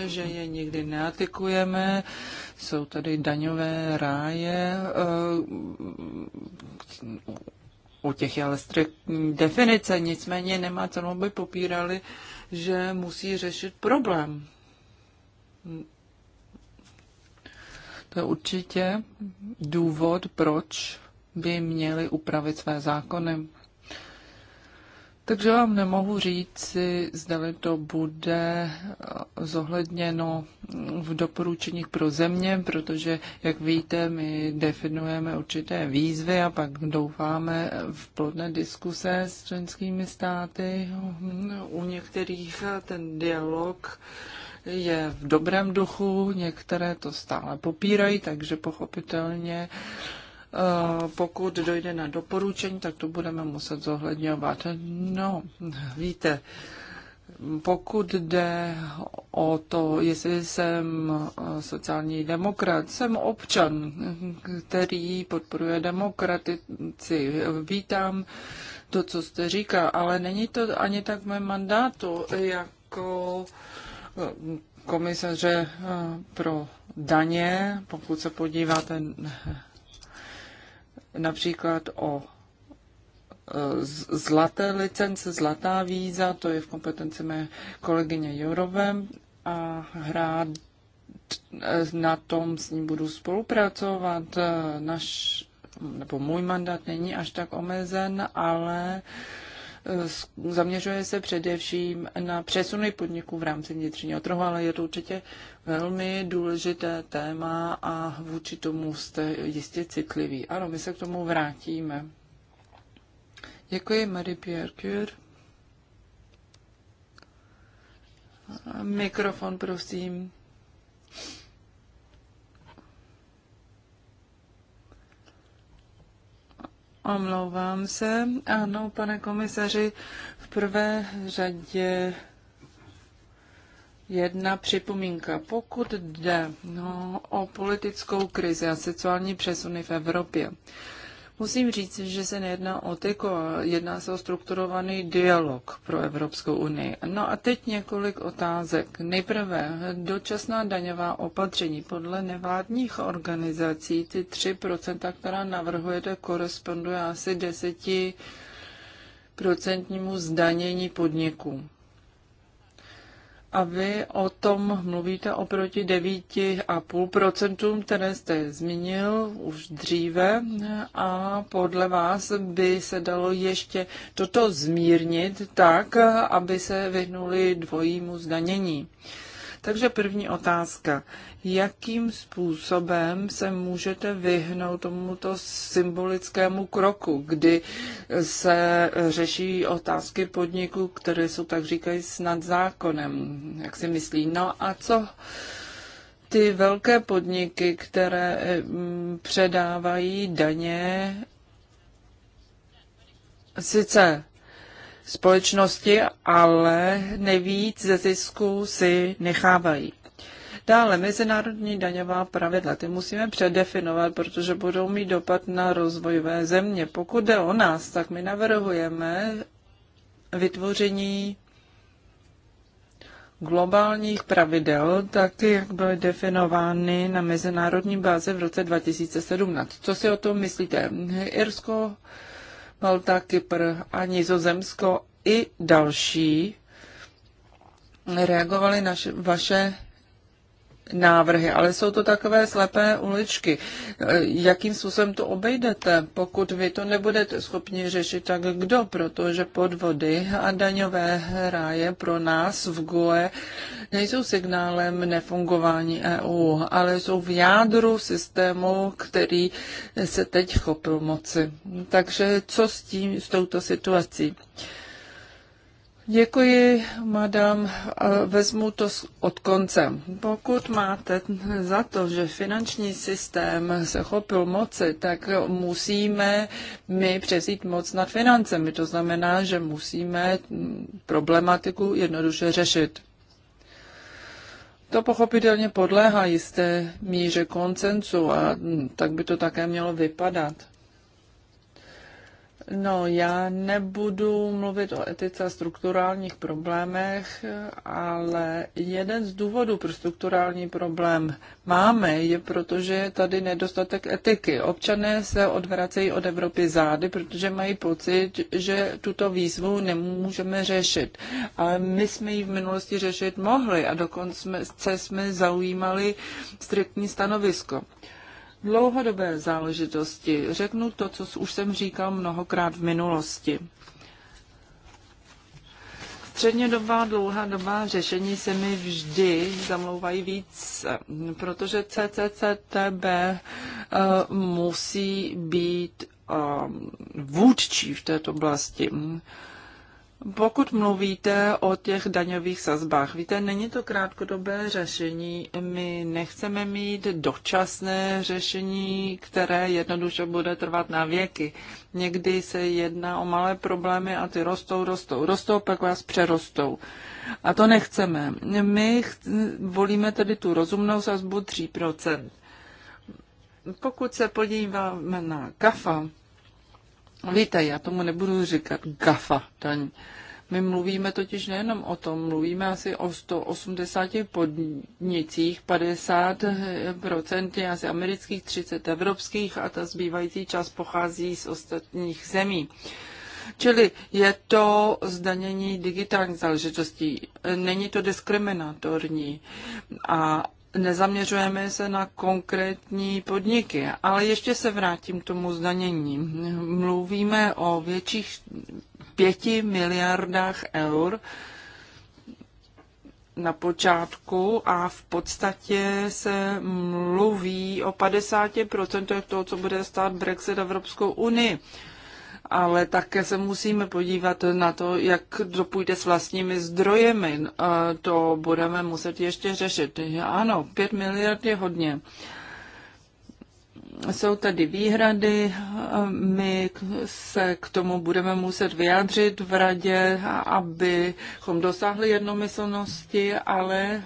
že je nikdy neatikujeme. Jsou tady daňové ráje, eh, u těch je ale striktní definice, nicméně nemá cenu no, by popírali, že musí řešit problém. To je určitě důvod, proč by měli upravit své zákony. Takže vám nemohu říct, zda to bude eh, zohledněno v doporučeních pro země, protože, jak víte, my definujeme určité výzvy a pak doufáme v plodné diskuse s členskými státy. U některých eh, ten dialog je v dobrém duchu, některé to stále popírají, takže pochopitelně uh, Eh, pokud dojde na doporučení, tak to budeme muset zohledňovat. No, víte, pokud jde o to, jestli jsem eh, sociální demokrat, jsem občan, který podporuje demokratici. Vítám to, co jste říká, ale není to ani tak mé mandátu jako eh, komisaře pro daně. Pokud se podíváte například o e, zlaté licence, zlatá víza, to je v kompetenci mé kolegyně Jorové a hrát e, na tom s ním budu spolupracovat. E, naš, nebo můj mandát není až tak omezen, ale uh, Eh, zaměřuje se především na přesuny podniků v rámci vnitřního trhu, ale je to určitě velmi důležité téma a vůči tomu jste jistě citliví. Ano, my se k tomu vrátíme. Děkuji, Marie-Pierre Cure. Mikrofon, prosím. Omlouvám se. Ano, pane komisaři, v prvé řadě jedna připomínka. Pokud jde no, o politickou krizi a sexuální přesuny v Evropě, Musím říct, že se nejedná o tyko, jedná se o strukturovaný dialog pro Evropskou unii. No a teď několik otázek. Nejprve dočasná daňová opatření podle nevládních organizací, ty 3%, která navrhujete, koresponduje asi 10% zdanění podniků. A vy o tom mluvíte oproti 9,5%, které jste zmínil už dříve a podle vás by se dalo ještě toto zmírnit tak, aby se vyhnuli dvojímu zdanění. Takže první otázka. Jakým způsobem se můžete vyhnout tomuto symbolickému kroku, kdy se řeší otázky podniků, které jsou tak říkají snad zákonem, jak si myslí. No a co ty velké podniky, které mm, předávají daně, sice společnosti, ale nejvíc ze zisku si nechávají. Dále mezinárodní daňová pravidla, ty musíme předefinovat, protože budou mít dopad na rozvojové země. Pokud jde o nás, tak my navrhujeme vytvoření globálních pravidel, tak jak byly definovány na mezinárodní báze v roce 2017. Co si o tom myslíte? Irsko Malta, Kypr a Nizozemsko i další reagovali naše, vaše návrhy, ale jsou to takové slepé uličky. Eh, jakým způsobem to obejdete? Pokud vy to nebudete schopni řešit, tak kdo? Protože podvody a daňové hráje pro nás v GUE nejsou signálem nefungování EU, ale jsou v jádru systému, který se teď chopil moci. Takže co s tím, s touto situací? Děkuji, madam. Vezmu to od konce. Pokud máte za to, že finanční systém se chopil moci, tak musíme my převzít moc nad financemi. To znamená, že musíme problematiku jednoduše řešit. To pochopitelně podléhá jisté míře koncensu a tak by to také mělo vypadat. No, já nebudu mluvit o etice a strukturálních problémech, ale jeden z důvodů, pro strukturální problém máme, je proto, že je tady nedostatek etiky. Občané se odvracejí od Evropy zády, protože mají pocit, že tuto výzvu nemůžeme řešit. Ale my jsme ji v minulosti řešit mohli a dokonce jsme zaujímali striktní stanovisko dlouhodobé záležitosti. Řeknu to, co už jsem říkal mnohokrát v minulosti. Střednědobá, dlouhá doba řešení se mi vždy zamlouvají víc, protože CCCTB eh, musí být eh, vůdčí v této oblasti. Pokud mluvíte o těch daňových sazbách, víte, není to krátkodobé řešení. My nechceme mít dočasné řešení, které jednoduše bude trvat na věky. Někdy se jedná o malé problémy a ty rostou, rostou, rostou, pak vás přerostou. A to nechceme. My ch- volíme tedy tu rozumnou sazbu 3%. Pokud se podíváme na kafa, Víte, já tomu nebudu říkat GAFA daň. My mluvíme totiž nejenom o tom, mluvíme asi o 180 podnicích, 50% eh, je asi amerických, 30 evropských a ta zbývající část pochází z ostatních zemí. Čili je to zdanění digitálních záležitostí, není to diskriminatorní a nezaměřujeme se na konkrétní podniky. Ale ještě se vrátím k tomu zdanění. Mluvíme o větších pěti miliardách eur na počátku a v podstatě se mluví o 50% toho, co bude stát Brexit Evropskou unii ale také se musíme podívat na to, jak dopůjde s vlastními zdrojemi. To budeme muset ještě řešit. Ano, 5 miliard je hodně. Jsou tady výhrady, my se k tomu budeme muset vyjádřit v radě, abychom dosáhli jednomyslnosti, ale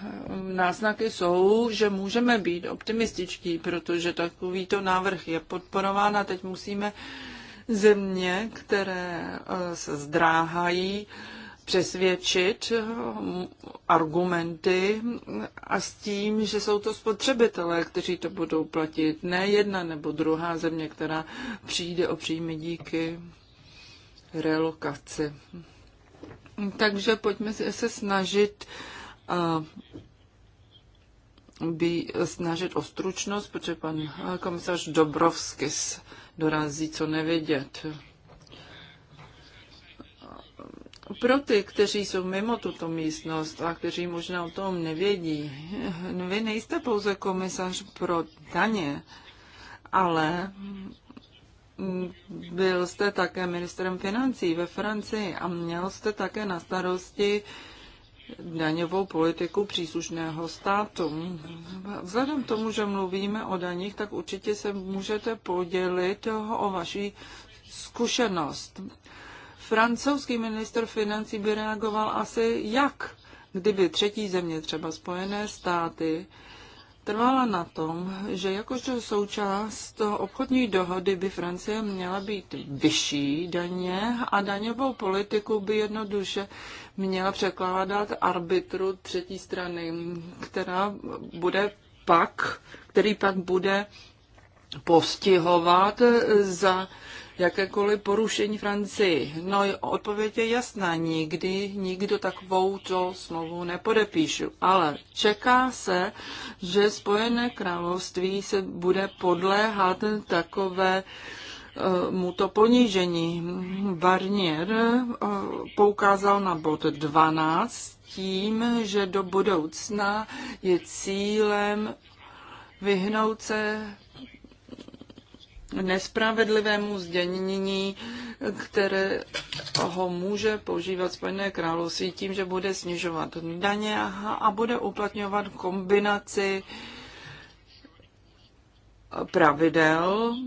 náznaky jsou, že můžeme být optimističtí, protože takovýto návrh je podporován a teď musíme uh, Země, které eh, se zdráhají přesvědčit eh, argumenty a s tím, že jsou to spotřebitelé, kteří to budou platit, ne jedna nebo druhá země, která přijde o příjmy díky relokaci. Takže pojďme se snažit eh, by snažit o stručnost, protože pan komisař Dobrovskis dorazí co nevidět. Pro ty, kteří jsou mimo tuto místnost a kteří možná o tom nevědí, vy nejste pouze komisař pro daně, ale byl jste také ministrem financí ve Francii a měl jste také na starosti uh, daňovou politiku příslušného státu. Vzhledem k tomu, že mluvíme o daních, tak určitě se můžete podělit o vaší zkušenost. Francouzský minister financí by reagoval asi jak, kdyby třetí země, třeba Spojené státy, trvala na tom, že jakožto součást toho obchodní dohody by Francie měla být vyšší daně a daňovou politiku by jednoduše měla překládat arbitru třetí strany, která bude pak, který pak bude postihovat za jakékoliv porušení Francii. No, odpověď je jasná, nikdy nikdo takovou to smlouvu nepodepíšu, ale čeká se, že Spojené království se bude podléhat takové uh, Eh, mu to ponížení. Barnier eh, poukázal na bod 12 tím, že do budoucna je cílem vyhnout se nespravedlivému zdanění, které ho může používat Spojené království tím, že bude snižovat daně a bude uplatňovat kombinaci pravidel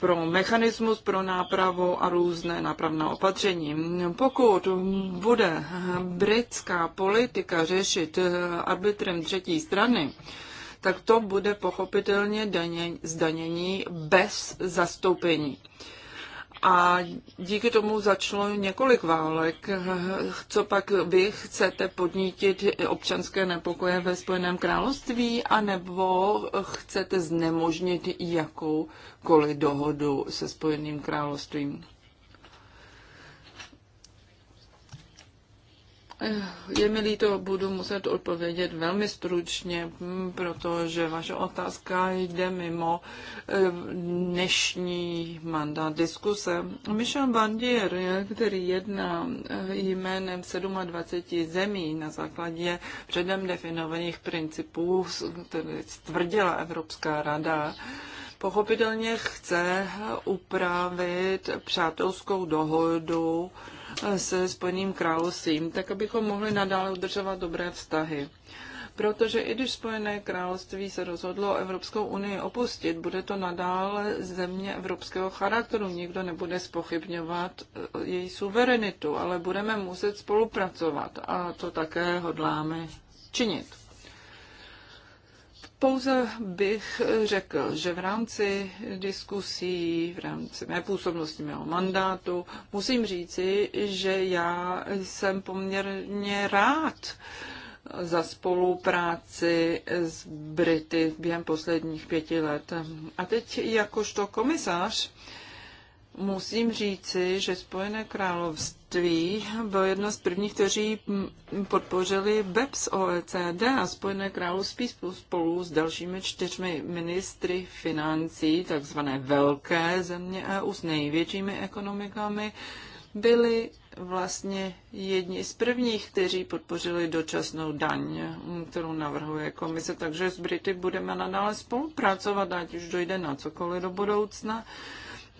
pro mechanismus pro nápravu a různé nápravné opatření. Pokud bude britská politika řešit eh, arbitrem třetí strany, tak to bude pochopitelně zdanění bez zastoupení a díky tomu začalo několik válek. Co pak vy chcete podnítit občanské nepokoje ve Spojeném království, anebo chcete znemožnit jakoukoliv dohodu se Spojeným královstvím? Eh, je mi líto, budu muset odpovědět velmi stručně, hm, protože vaše otázka jde mimo eh, dnešní mandát diskuse. Michel bandier, eh, který jedná jménem 27 zemí na základě předem definovaných principů, které stvrdila Evropská rada, pochopitelně chce upravit přátelskou dohodu se Spojeným královstvím, tak abychom mohli nadále udržovat dobré vztahy. Protože i když Spojené království se rozhodlo Evropskou unii opustit, bude to nadále země evropského charakteru. Nikdo nebude spochybňovat eh, její suverenitu, ale budeme muset spolupracovat a to také hodláme činit. Pouze bych řekl, že v rámci diskusí, v rámci mé působnosti, mého mandátu, musím říci, že já jsem poměrně rád za spolupráci s Brity během posledních pěti let. A teď jakožto komisař Musím říci, že Spojené království bylo jedno z prvních, kteří podpořili BEPS OECD a Spojené království spolu s dalšími čtyřmi ministry financí, takzvané velké země EU s největšími ekonomikami, byli vlastně jedni z prvních, kteří podpořili dočasnou daň, kterou navrhuje komise. Takže s Brity budeme nadále spolupracovat, ať už dojde na cokoliv do budoucna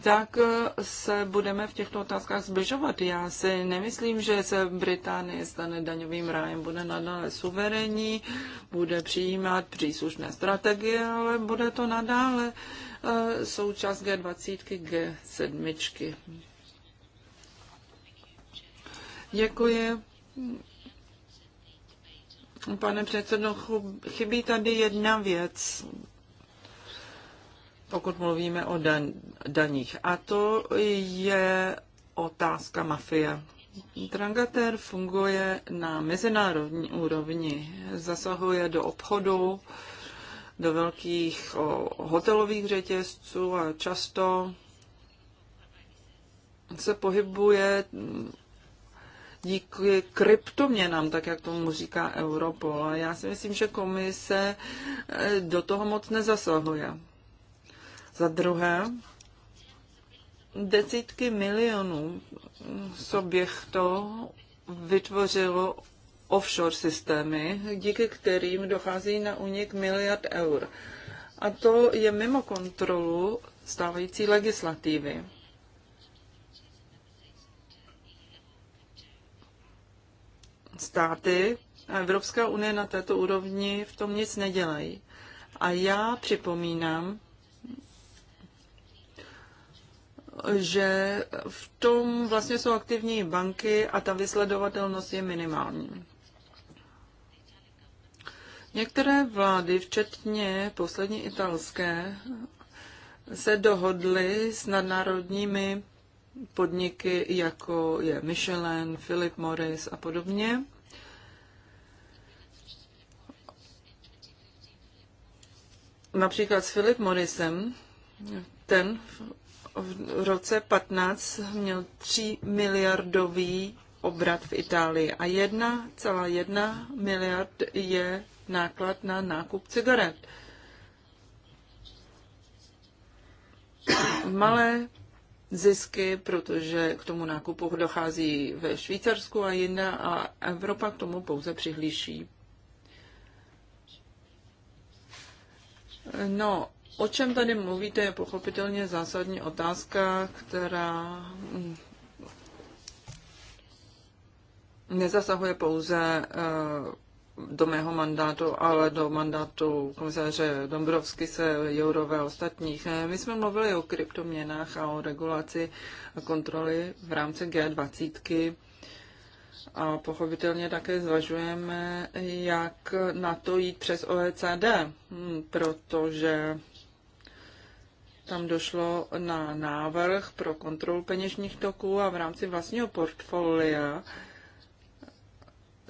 tak eh, se budeme v těchto otázkách zbližovat. Já si nemyslím, že se Británie stane daňovým rájem, bude nadále suverénní, bude přijímat příslušné strategie, ale bude to nadále eh, součást G20, G7. Děkuji. Pane předsedo, chybí tady jedna věc, pokud mluvíme o dan- daních. A to je otázka mafie. Drangater funguje na mezinárodní úrovni, zasahuje do obchodu, do velkých hotelových řetězců a často se pohybuje díky kryptoměnám, tak jak tomu říká Europol. A já si myslím, že komise e, do toho moc nezasahuje. Za druhé, desítky milionů subjektů vytvořilo offshore systémy, díky kterým dochází na unik miliard eur. A to je mimo kontrolu stávající legislativy. Státy a Evropská unie na této úrovni v tom nic nedělají. A já připomínám, že v tom vlastně jsou aktivní banky a ta vysledovatelnost je minimální. Některé vlády, včetně poslední italské, se dohodly s nadnárodními podniky, jako je Michelin, Philip Morris a podobně. Například s Philip Morrisem, ten v roce 15 měl 3 miliardový obrat v Itálii a 1,1 miliard je náklad na nákup cigaret. Malé zisky, protože k tomu nákupu dochází ve Švýcarsku a jinde a Evropa k tomu pouze přihlíší. No, O čem tady mluvíte, je pochopitelně zásadní otázka, která mm, nezasahuje pouze eh, do mého mandátu, ale do mandátu komisaře Dombrovsky se Jourové a ostatních. Eh, my jsme mluvili o kryptoměnách a o regulaci a kontroly v rámci G20. A pochopitelně také zvažujeme, jak na to jít přes OECD, hm, protože tam došlo na návrh pro kontrolu peněžních toků a v rámci vlastního portfolia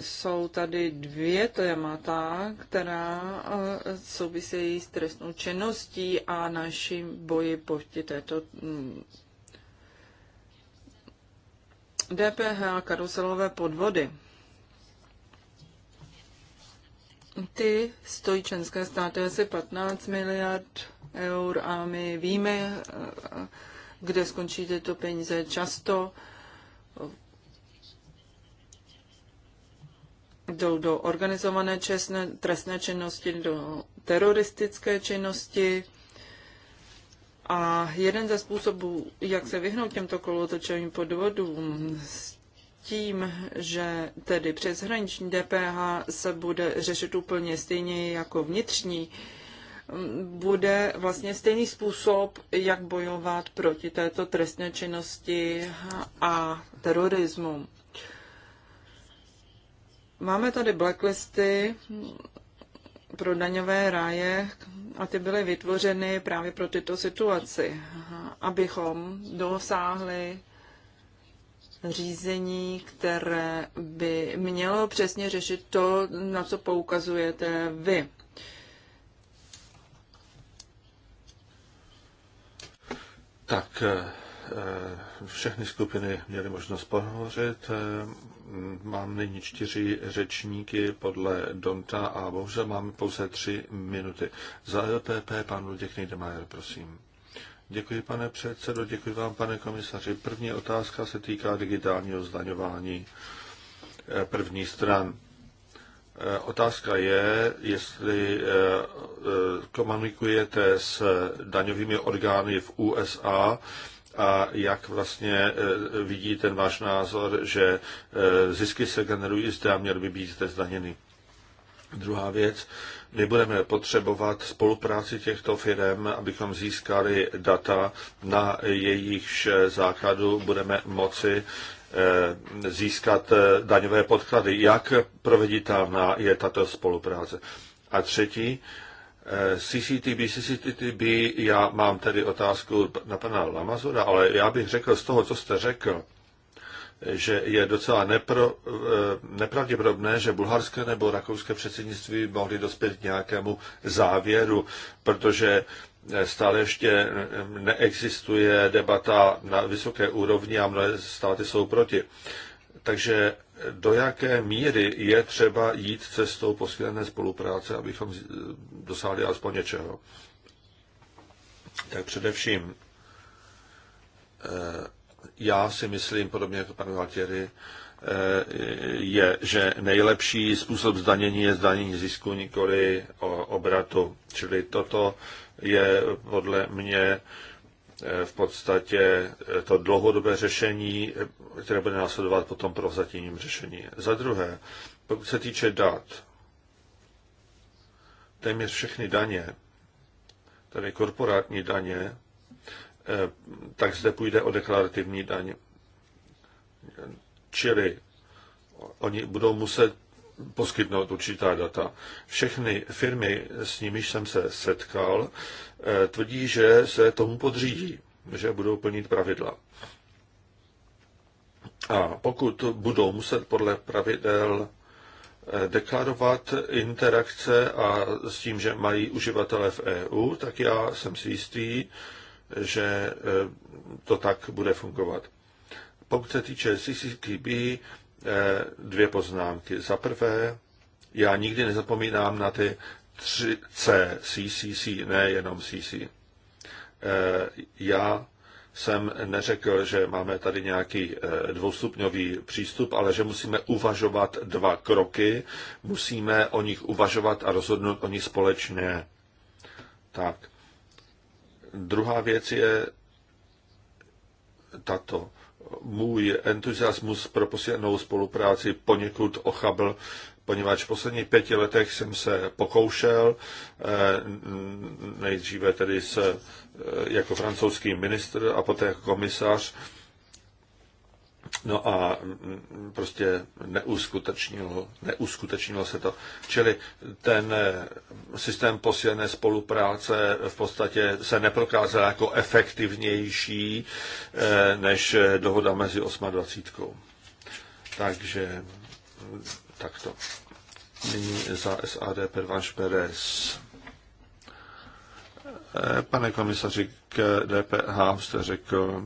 jsou tady dvě témata, která eh, souvisejí s trestnou činností a naším boji proti této mm, DPH a karuselové podvody. Ty stojí členské státy asi 15 miliard eur a my víme, kde skončí tyto peníze. Často jdou do organizované česne, trestné činnosti, do teroristické činnosti. A jeden ze způsobů, jak se vyhnout těmto kolotočovým podvodům, s tím, že tedy přeshraniční DPH se bude řešit úplně stejně jako vnitřní, bude vlastně stejný způsob, jak bojovat proti této trestné činnosti a terorismu. Máme tady blacklisty pro daňové ráje a ty byly vytvořeny právě pro tyto situaci, abychom dosáhli řízení, které by mělo přesně řešit to, na co poukazujete vy. Tak eh, eh, všechny skupiny měly možnost pohovořit. Eh, mám nyní čtyři řečníky podle Donta a bohužel máme pouze tři minuty. Za LPP pan Luděk Nejdemajer, prosím. Děkuji, pane předsedo, děkuji vám, pane komisaři. První otázka se týká digitálního zdaňování eh, první stran. Eh, otázka je, jestli eh, komunikujete s daňovými orgány v USA a jak vlastně vidí ten váš názor, že zisky se generují zde a měly by být zde zdaněny. Druhá věc, my budeme potřebovat spolupráci těchto firm, abychom získali data, na jejich základu budeme moci eh, získat eh, daňové podklady. Jak proveditelná je tato spolupráce? A třetí, CCTB, eh, CCTB, já mám tedy otázku na pana Lamazura, ale já bych řekl z toho, co jste řekl, že je docela nepro, eh, nepravděpodobné, že bulharské nebo rakouské předsednictví mohly dospět k nějakému závěru, protože eh, stále ještě eh, neexistuje debata na vysoké úrovni a mnohé státy jsou proti. Takže do jaké míry je třeba jít cestou posílené spolupráce, abychom dosáhli alespoň něčeho? Tak především já si myslím, podobně jako pan Valtěry, eh, je, že nejlepší způsob zdanění je zdanění zisku, nikoli obratu. Čili toto je podle mě eh, v podstatě eh, to dlouhodobé řešení, které bude následovat potom pro zatímním řešení. Za druhé, pokud se týče dat, téměř všechny daně, tedy korporátní daně, Eh, tak zde půjde o deklarativní daň. Čili oni budou muset poskytnout určitá data. Všechny firmy, s nimiž jsem se setkal, eh, tvrdí, že se tomu podřídí, že budou plnit pravidla. A pokud budou muset podle pravidel eh, deklarovat interakce a s tím, že mají uživatele v EU, tak já jsem si jistý, že eh, to tak bude fungovat. Pokud se týče CCTB, eh, dvě poznámky. Za prvé, já nikdy nezapomínám na ty 3C, CCC, ne jenom CC. Eh, já jsem neřekl, že máme tady nějaký dvoustupňový přístup, ale že musíme uvažovat dva kroky, musíme o nich uvažovat a rozhodnout o nich společně. Tak. Druhá věc je tato. Můj entuziasmus pro posílenou spolupráci poněkud ochabl, poněvadž v posledních pěti letech jsem se pokoušel, eh, nejdříve tedy s, eh, jako francouzský ministr a poté jako komisař, No a mm, mm, prostě neuskutečnilo, neuskutečnilo se to. Čili ten eh, systém posílené spolupráce v podstatě se neprokázal jako efektivnější eh, než eh, dohoda mezi 28. Takže mm, takto. Nyní za SAD Pervanš Perez. Pane komisaři, k DPH jste řekl,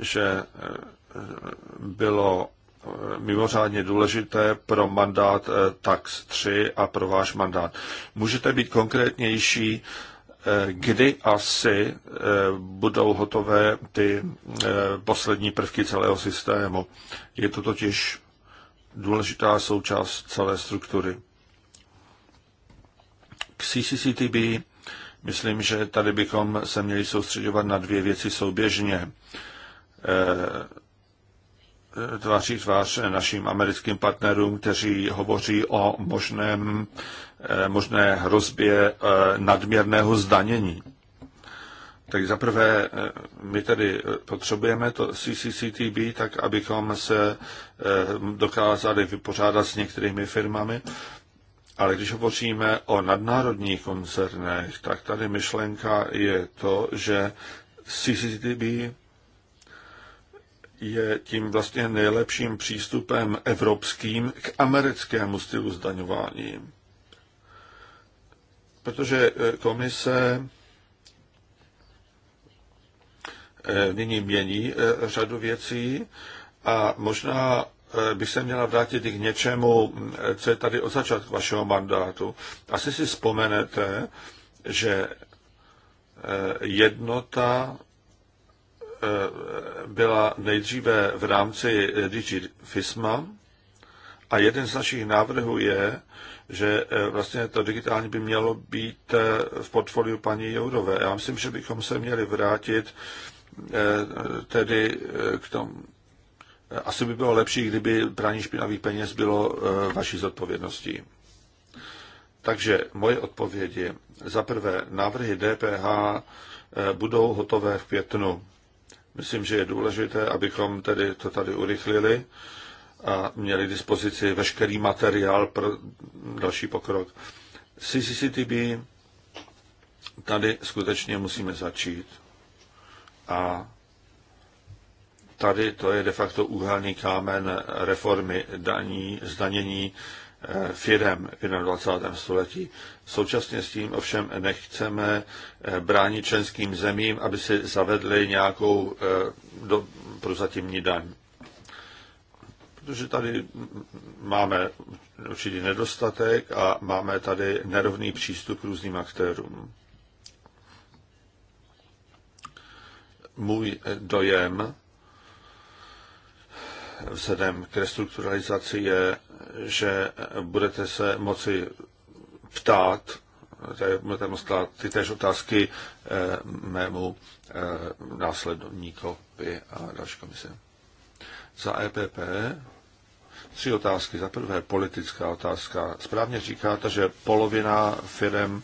že eh, bylo eh, mimořádně důležité pro mandát eh, TAX 3 a pro váš mandát. Můžete být konkrétnější, kdy asi budou hotové ty poslední prvky celého systému. Je to totiž důležitá součást celé struktury. K CCCTB myslím, že tady bychom se měli soustředovat na dvě věci souběžně. Eh, tváří tvář našim americkým partnerům, kteří hovoří o možném, eh, možné hrozbě eh, nadměrného zdanění. Tak zaprvé my tedy potřebujeme to CCCTB, tak abychom se dokázali vypořádat s některými firmami, ale když hovoříme o nadnárodních koncernech, tak tady myšlenka je to, že CCTB je tím vlastně nejlepším přístupem evropským k americkému stylu zdaňování. Protože eh, komise eh, nyní mění eh, řadu věcí a možná by se měla vrátit i k něčemu, co je tady od začátku vašeho mandátu. Asi si vzpomenete, že jednota Eh, byla nejdříve v rámci DG FISMA a jeden z našich návrhů je, že eh, vlastně to digitální by mělo být eh, v portfoliu paní Jourové. Já myslím, že bychom se měli vrátit tedy k tomu. Asi by bylo lepší, kdyby praní špinavých peněz bylo vaší zodpovědností. Takže moje odpovědi. Za prvé, návrhy DPH budou hotové v květnu. Myslím, že je důležité, abychom tedy to tady urychlili a měli k dispozici veškerý materiál pro další pokrok. CCCTB tady skutečně musíme začít a tady to je de facto úhelný kámen reformy daní, zdanění firem v 21. století. Současně s tím ovšem nechceme eh, bránit členským zemím, aby si zavedli nějakou eh, do, prozatímní daň. Protože tady máme určitý nedostatek a máme tady nerovný přístup k různým aktérům. Můj dojem vzhledem k restrukturalizaci je, že budete se moci ptát, budete moci ptát ty též otázky eh, mému eh, následovníkovi a další komise. Za EPP tři otázky. Za prvé politická otázka. Správně říkáte, že polovina firm,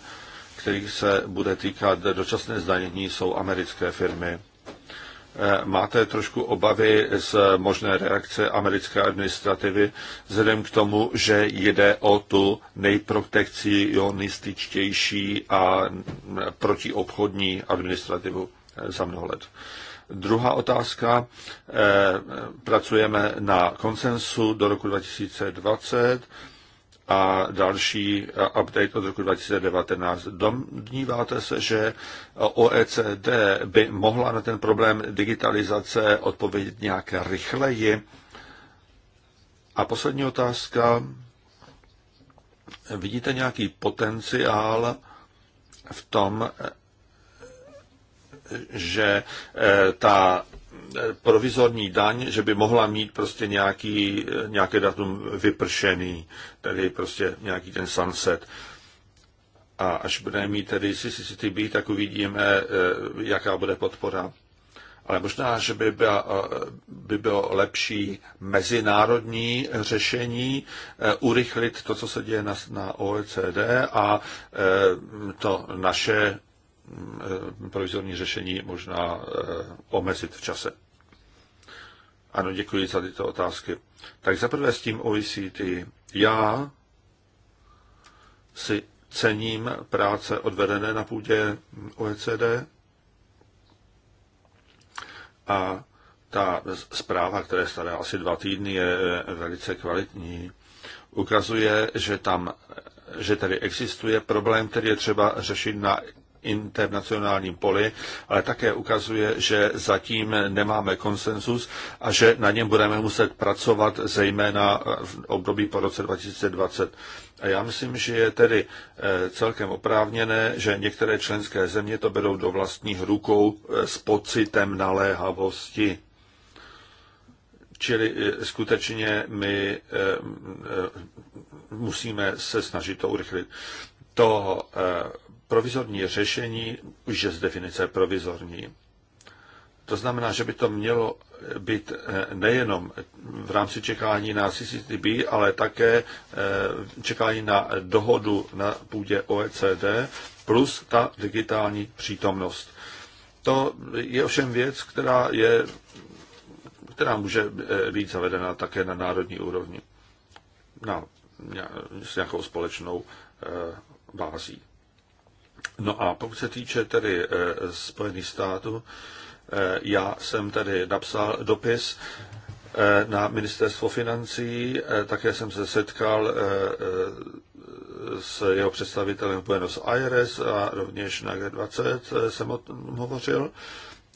kterých se bude týkat dočasné zdanění, jsou americké firmy. Eh, máte trošku obavy z možné reakce americké administrativy, vzhledem k tomu, že jde o tu nejprotekcionističtější a protiobchodní administrativu eh, za mnoho let. Druhá otázka. Eh, pracujeme na konsensu do roku 2020 a další eh, update od roku 2019. Domníváte se, že eh, OECD by mohla na ten problém digitalizace odpovědět nějak rychleji? A poslední otázka. Vidíte nějaký potenciál v tom, eh, že ta provizorní daň, že by mohla mít prostě nějaký, nějaké datum vypršený, tedy prostě nějaký ten sunset. A až budeme mít tedy CCCTB, tak uvidíme, eh, jaká bude podpora. Ale možná, že by, byla, eh, by bylo lepší mezinárodní řešení, eh, urychlit to, co se děje na, na OECD a to naše Eh, provizorní řešení možná eh, omezit v čase. Ano, děkuji za tyto otázky. Tak zaprvé s tím OECD. Já si cením práce odvedené na půdě OECD a ta zpráva, která stará asi dva týdny, je eh, velice kvalitní. Ukazuje, že tam že tady existuje problém, který je třeba řešit na internacionálním poli, ale také ukazuje, že zatím nemáme konsensus a že na něm budeme muset pracovat zejména v období po roce 2020. A já myslím, že je tedy eh, celkem oprávněné, že některé členské země to berou do vlastních rukou eh, s pocitem naléhavosti. Čili eh, skutečně my musíme se snažit to urychlit. To provizorní řešení už je z definice provizorní. To znamená, že by to mělo být eh, nejenom v rámci čekání na CCTB, ale také eh, čekání na dohodu na půdě OECD plus ta digitální přítomnost. To je ovšem věc, která, je, která může eh, být zavedena také na národní úrovni, na, s nějakou společnou bází. No a pokud se týče tedy eh, Spojených států, eh, já jsem tedy napsal dopis eh, na ministerstvo financí, také jsem se setkal s jeho představitelem v Buenos Aires a rovněž na G20 jsem o tom hovořil.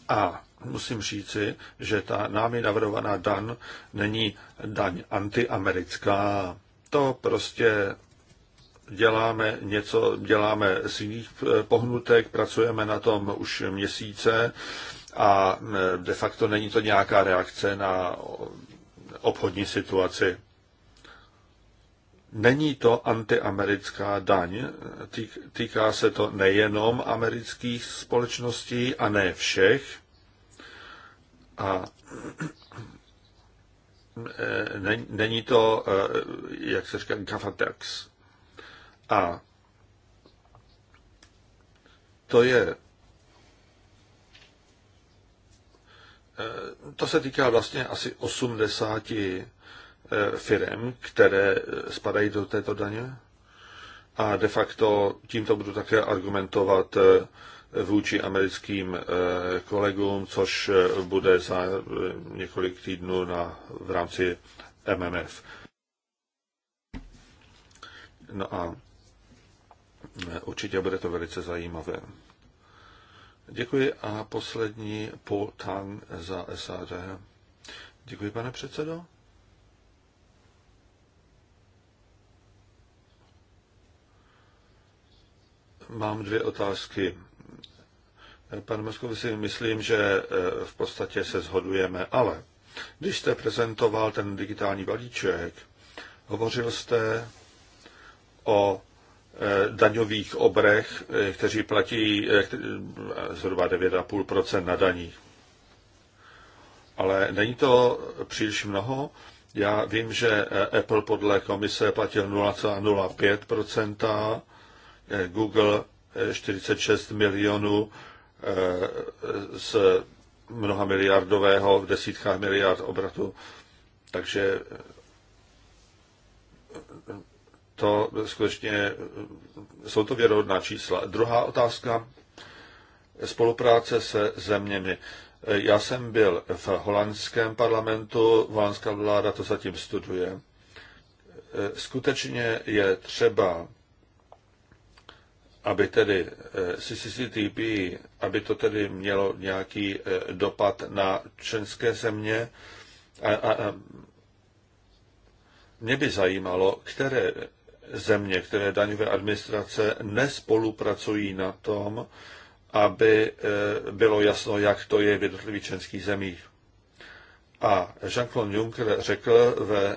A musím říci, že ta námi navrhovaná dan není daň antiamerická. To prostě děláme něco, děláme svých eh, pohnutek, pracujeme na tom už měsíce a eh, de facto není to nějaká reakce na obchodní situaci. Není to antiamerická daň, týká se to nejenom amerických společností a ne všech. A eh, není to, jak se říká, a to je eh, to se týká vlastně asi 80 eh, firm, které eh, spadají do této daně. A de facto tímto budu také argumentovat vůči americkým kolegům, což bude za několik týdnů na, v rámci MMF. No a Určitě bude to velice zajímavé. Děkuji a poslední Paul Tang za SAD. Děkuji, pane předsedo. Mám dvě otázky. Pane Moskovi si myslím, že eh, v podstatě se shodujeme, ale když jste prezentoval ten digitální balíček, hovořil jste o Eh, daňových obrech, eh, kteří platí eh, zhruba 9,5 na daních. Ale není to příliš mnoho. Já vím, že Apple podle komise platil 0,05 Google 46 milionů z mnoha miliardového v desítkách miliard obratu. Takže to skutečně jsou to věrohodná čísla. Druhá otázka, spolupráce se zeměmi. Já jsem byl v holandském parlamentu, holandská vláda to zatím studuje. Skutečně je třeba, aby tedy eh, CCCTP, aby to tedy mělo nějaký eh, dopad na členské země. A, a, a mě by zajímalo, které země, které daňové administrace nespolupracují na tom, aby eh, bylo jasno, jak to je v jednotlivých členských zemích. A Jean-Claude Juncker řekl ve,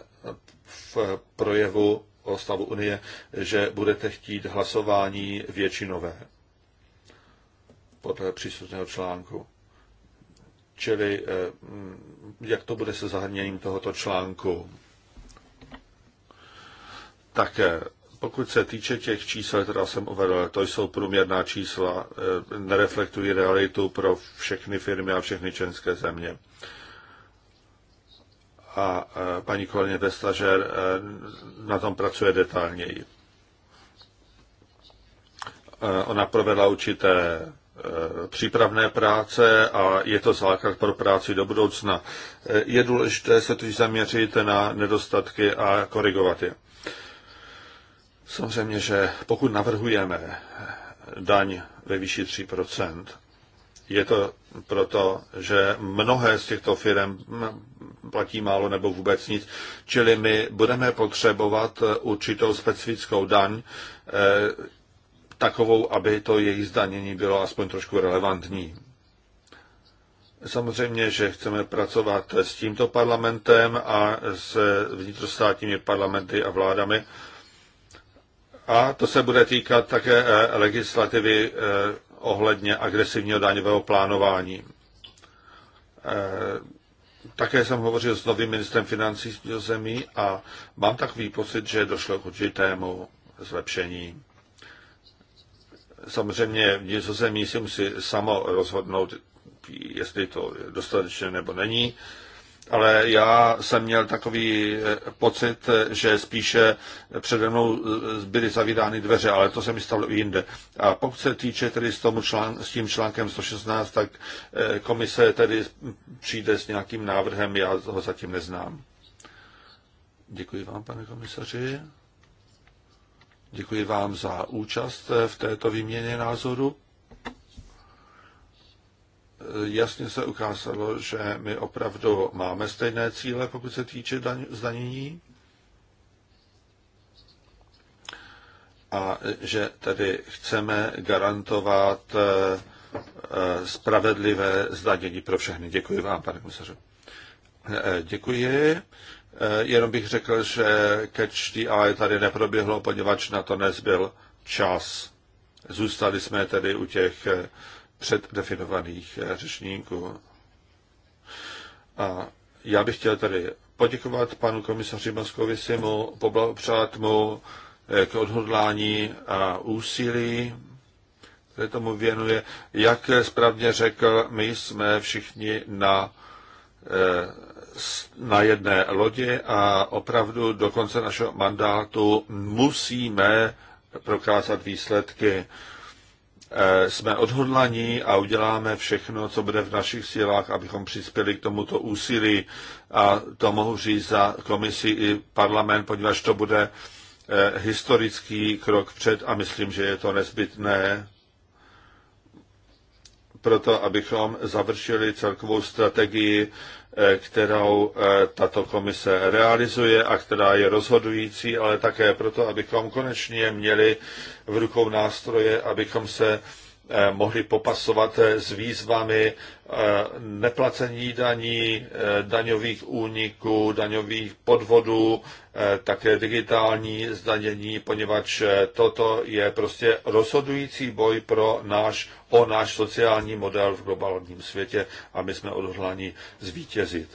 v projevu o stavu Unie, že budete chtít hlasování většinové podle příslušného článku. Čili eh, jak to bude se zahrněním tohoto článku? Tak pokud se týče těch čísel, která jsem uvedl, to jsou průměrná čísla, eh, nereflektují realitu pro všechny firmy a všechny členské země. A eh, paní kolegyně Vestažer eh, na tom pracuje detailněji. Ona provedla určité přípravné práce a je to základ pro práci do budoucna. Je důležité se tu zaměřit na nedostatky a korigovat je. Samozřejmě, že pokud navrhujeme daň ve výši 3 je to proto, že mnohé z těchto firm platí málo nebo vůbec nic, čili my budeme potřebovat určitou specifickou daň, eh, takovou, aby to její zdanění bylo aspoň trošku relevantní. Samozřejmě, že chceme pracovat s tímto parlamentem a s vnitrostátními parlamenty a vládami, a to se bude týkat také eh, legislativy eh, ohledně agresivního daňového plánování. Eh, také jsem hovořil s novým ministrem financí z zemí a mám takový pocit, že došlo k určitému zlepšení. Samozřejmě v Nizozemí si musí samo rozhodnout, jestli to dostatečné nebo není ale já jsem měl takový eh, pocit, eh, že spíše přede mnou eh, byly zavírány dveře, ale to se mi stalo jinde. A pokud se týče tedy s, tomu člán, s tím článkem 116, tak komise tedy přijde s nějakým návrhem, já ho zatím neznám. Děkuji vám, pane komisaři. Děkuji vám za účast v této výměně názoru jasně se ukázalo, že my opravdu máme stejné cíle, pokud se týče daň, zdanění. A že tedy chceme garantovat eh, eh, spravedlivé zdanění pro všechny. Děkuji vám, pane komisaře. Eh, děkuji. Jenom bych řekl, že catch the eye tady neproběhlo, poněvadž na to nezbyl čas. Zůstali jsme tedy u těch předdefinovaných eh, řečníků. A já bych chtěl tady poděkovat panu komisaři Moskovisimu, poblahopřát mu eh, k odhodlání a úsilí, které tomu věnuje. Jak správně řekl, my jsme všichni na, eh, na jedné lodi a opravdu do konce našeho mandátu musíme prokázat výsledky. Eh, jsme odhodlaní a uděláme všechno, co bude v našich silách, abychom přispěli k tomuto úsilí. A to mohu říct za komisi i parlament, poněvadž to bude eh, historický krok před a myslím, že je to nezbytné proto, abychom završili celkovou strategii Eh, kterou eh, tato komise realizuje a která je rozhodující, ale také proto, abychom konečně měli v rukou nástroje, abychom se Eh, mohli popasovat eh, s výzvami eh, neplacení daní, daňových úniků, daňových podvodů, také digitální zdanění, poněvadž toto je prostě rozhodující boj pro náš, o náš sociální model v globálním světě a my jsme odhodláni zvítězit.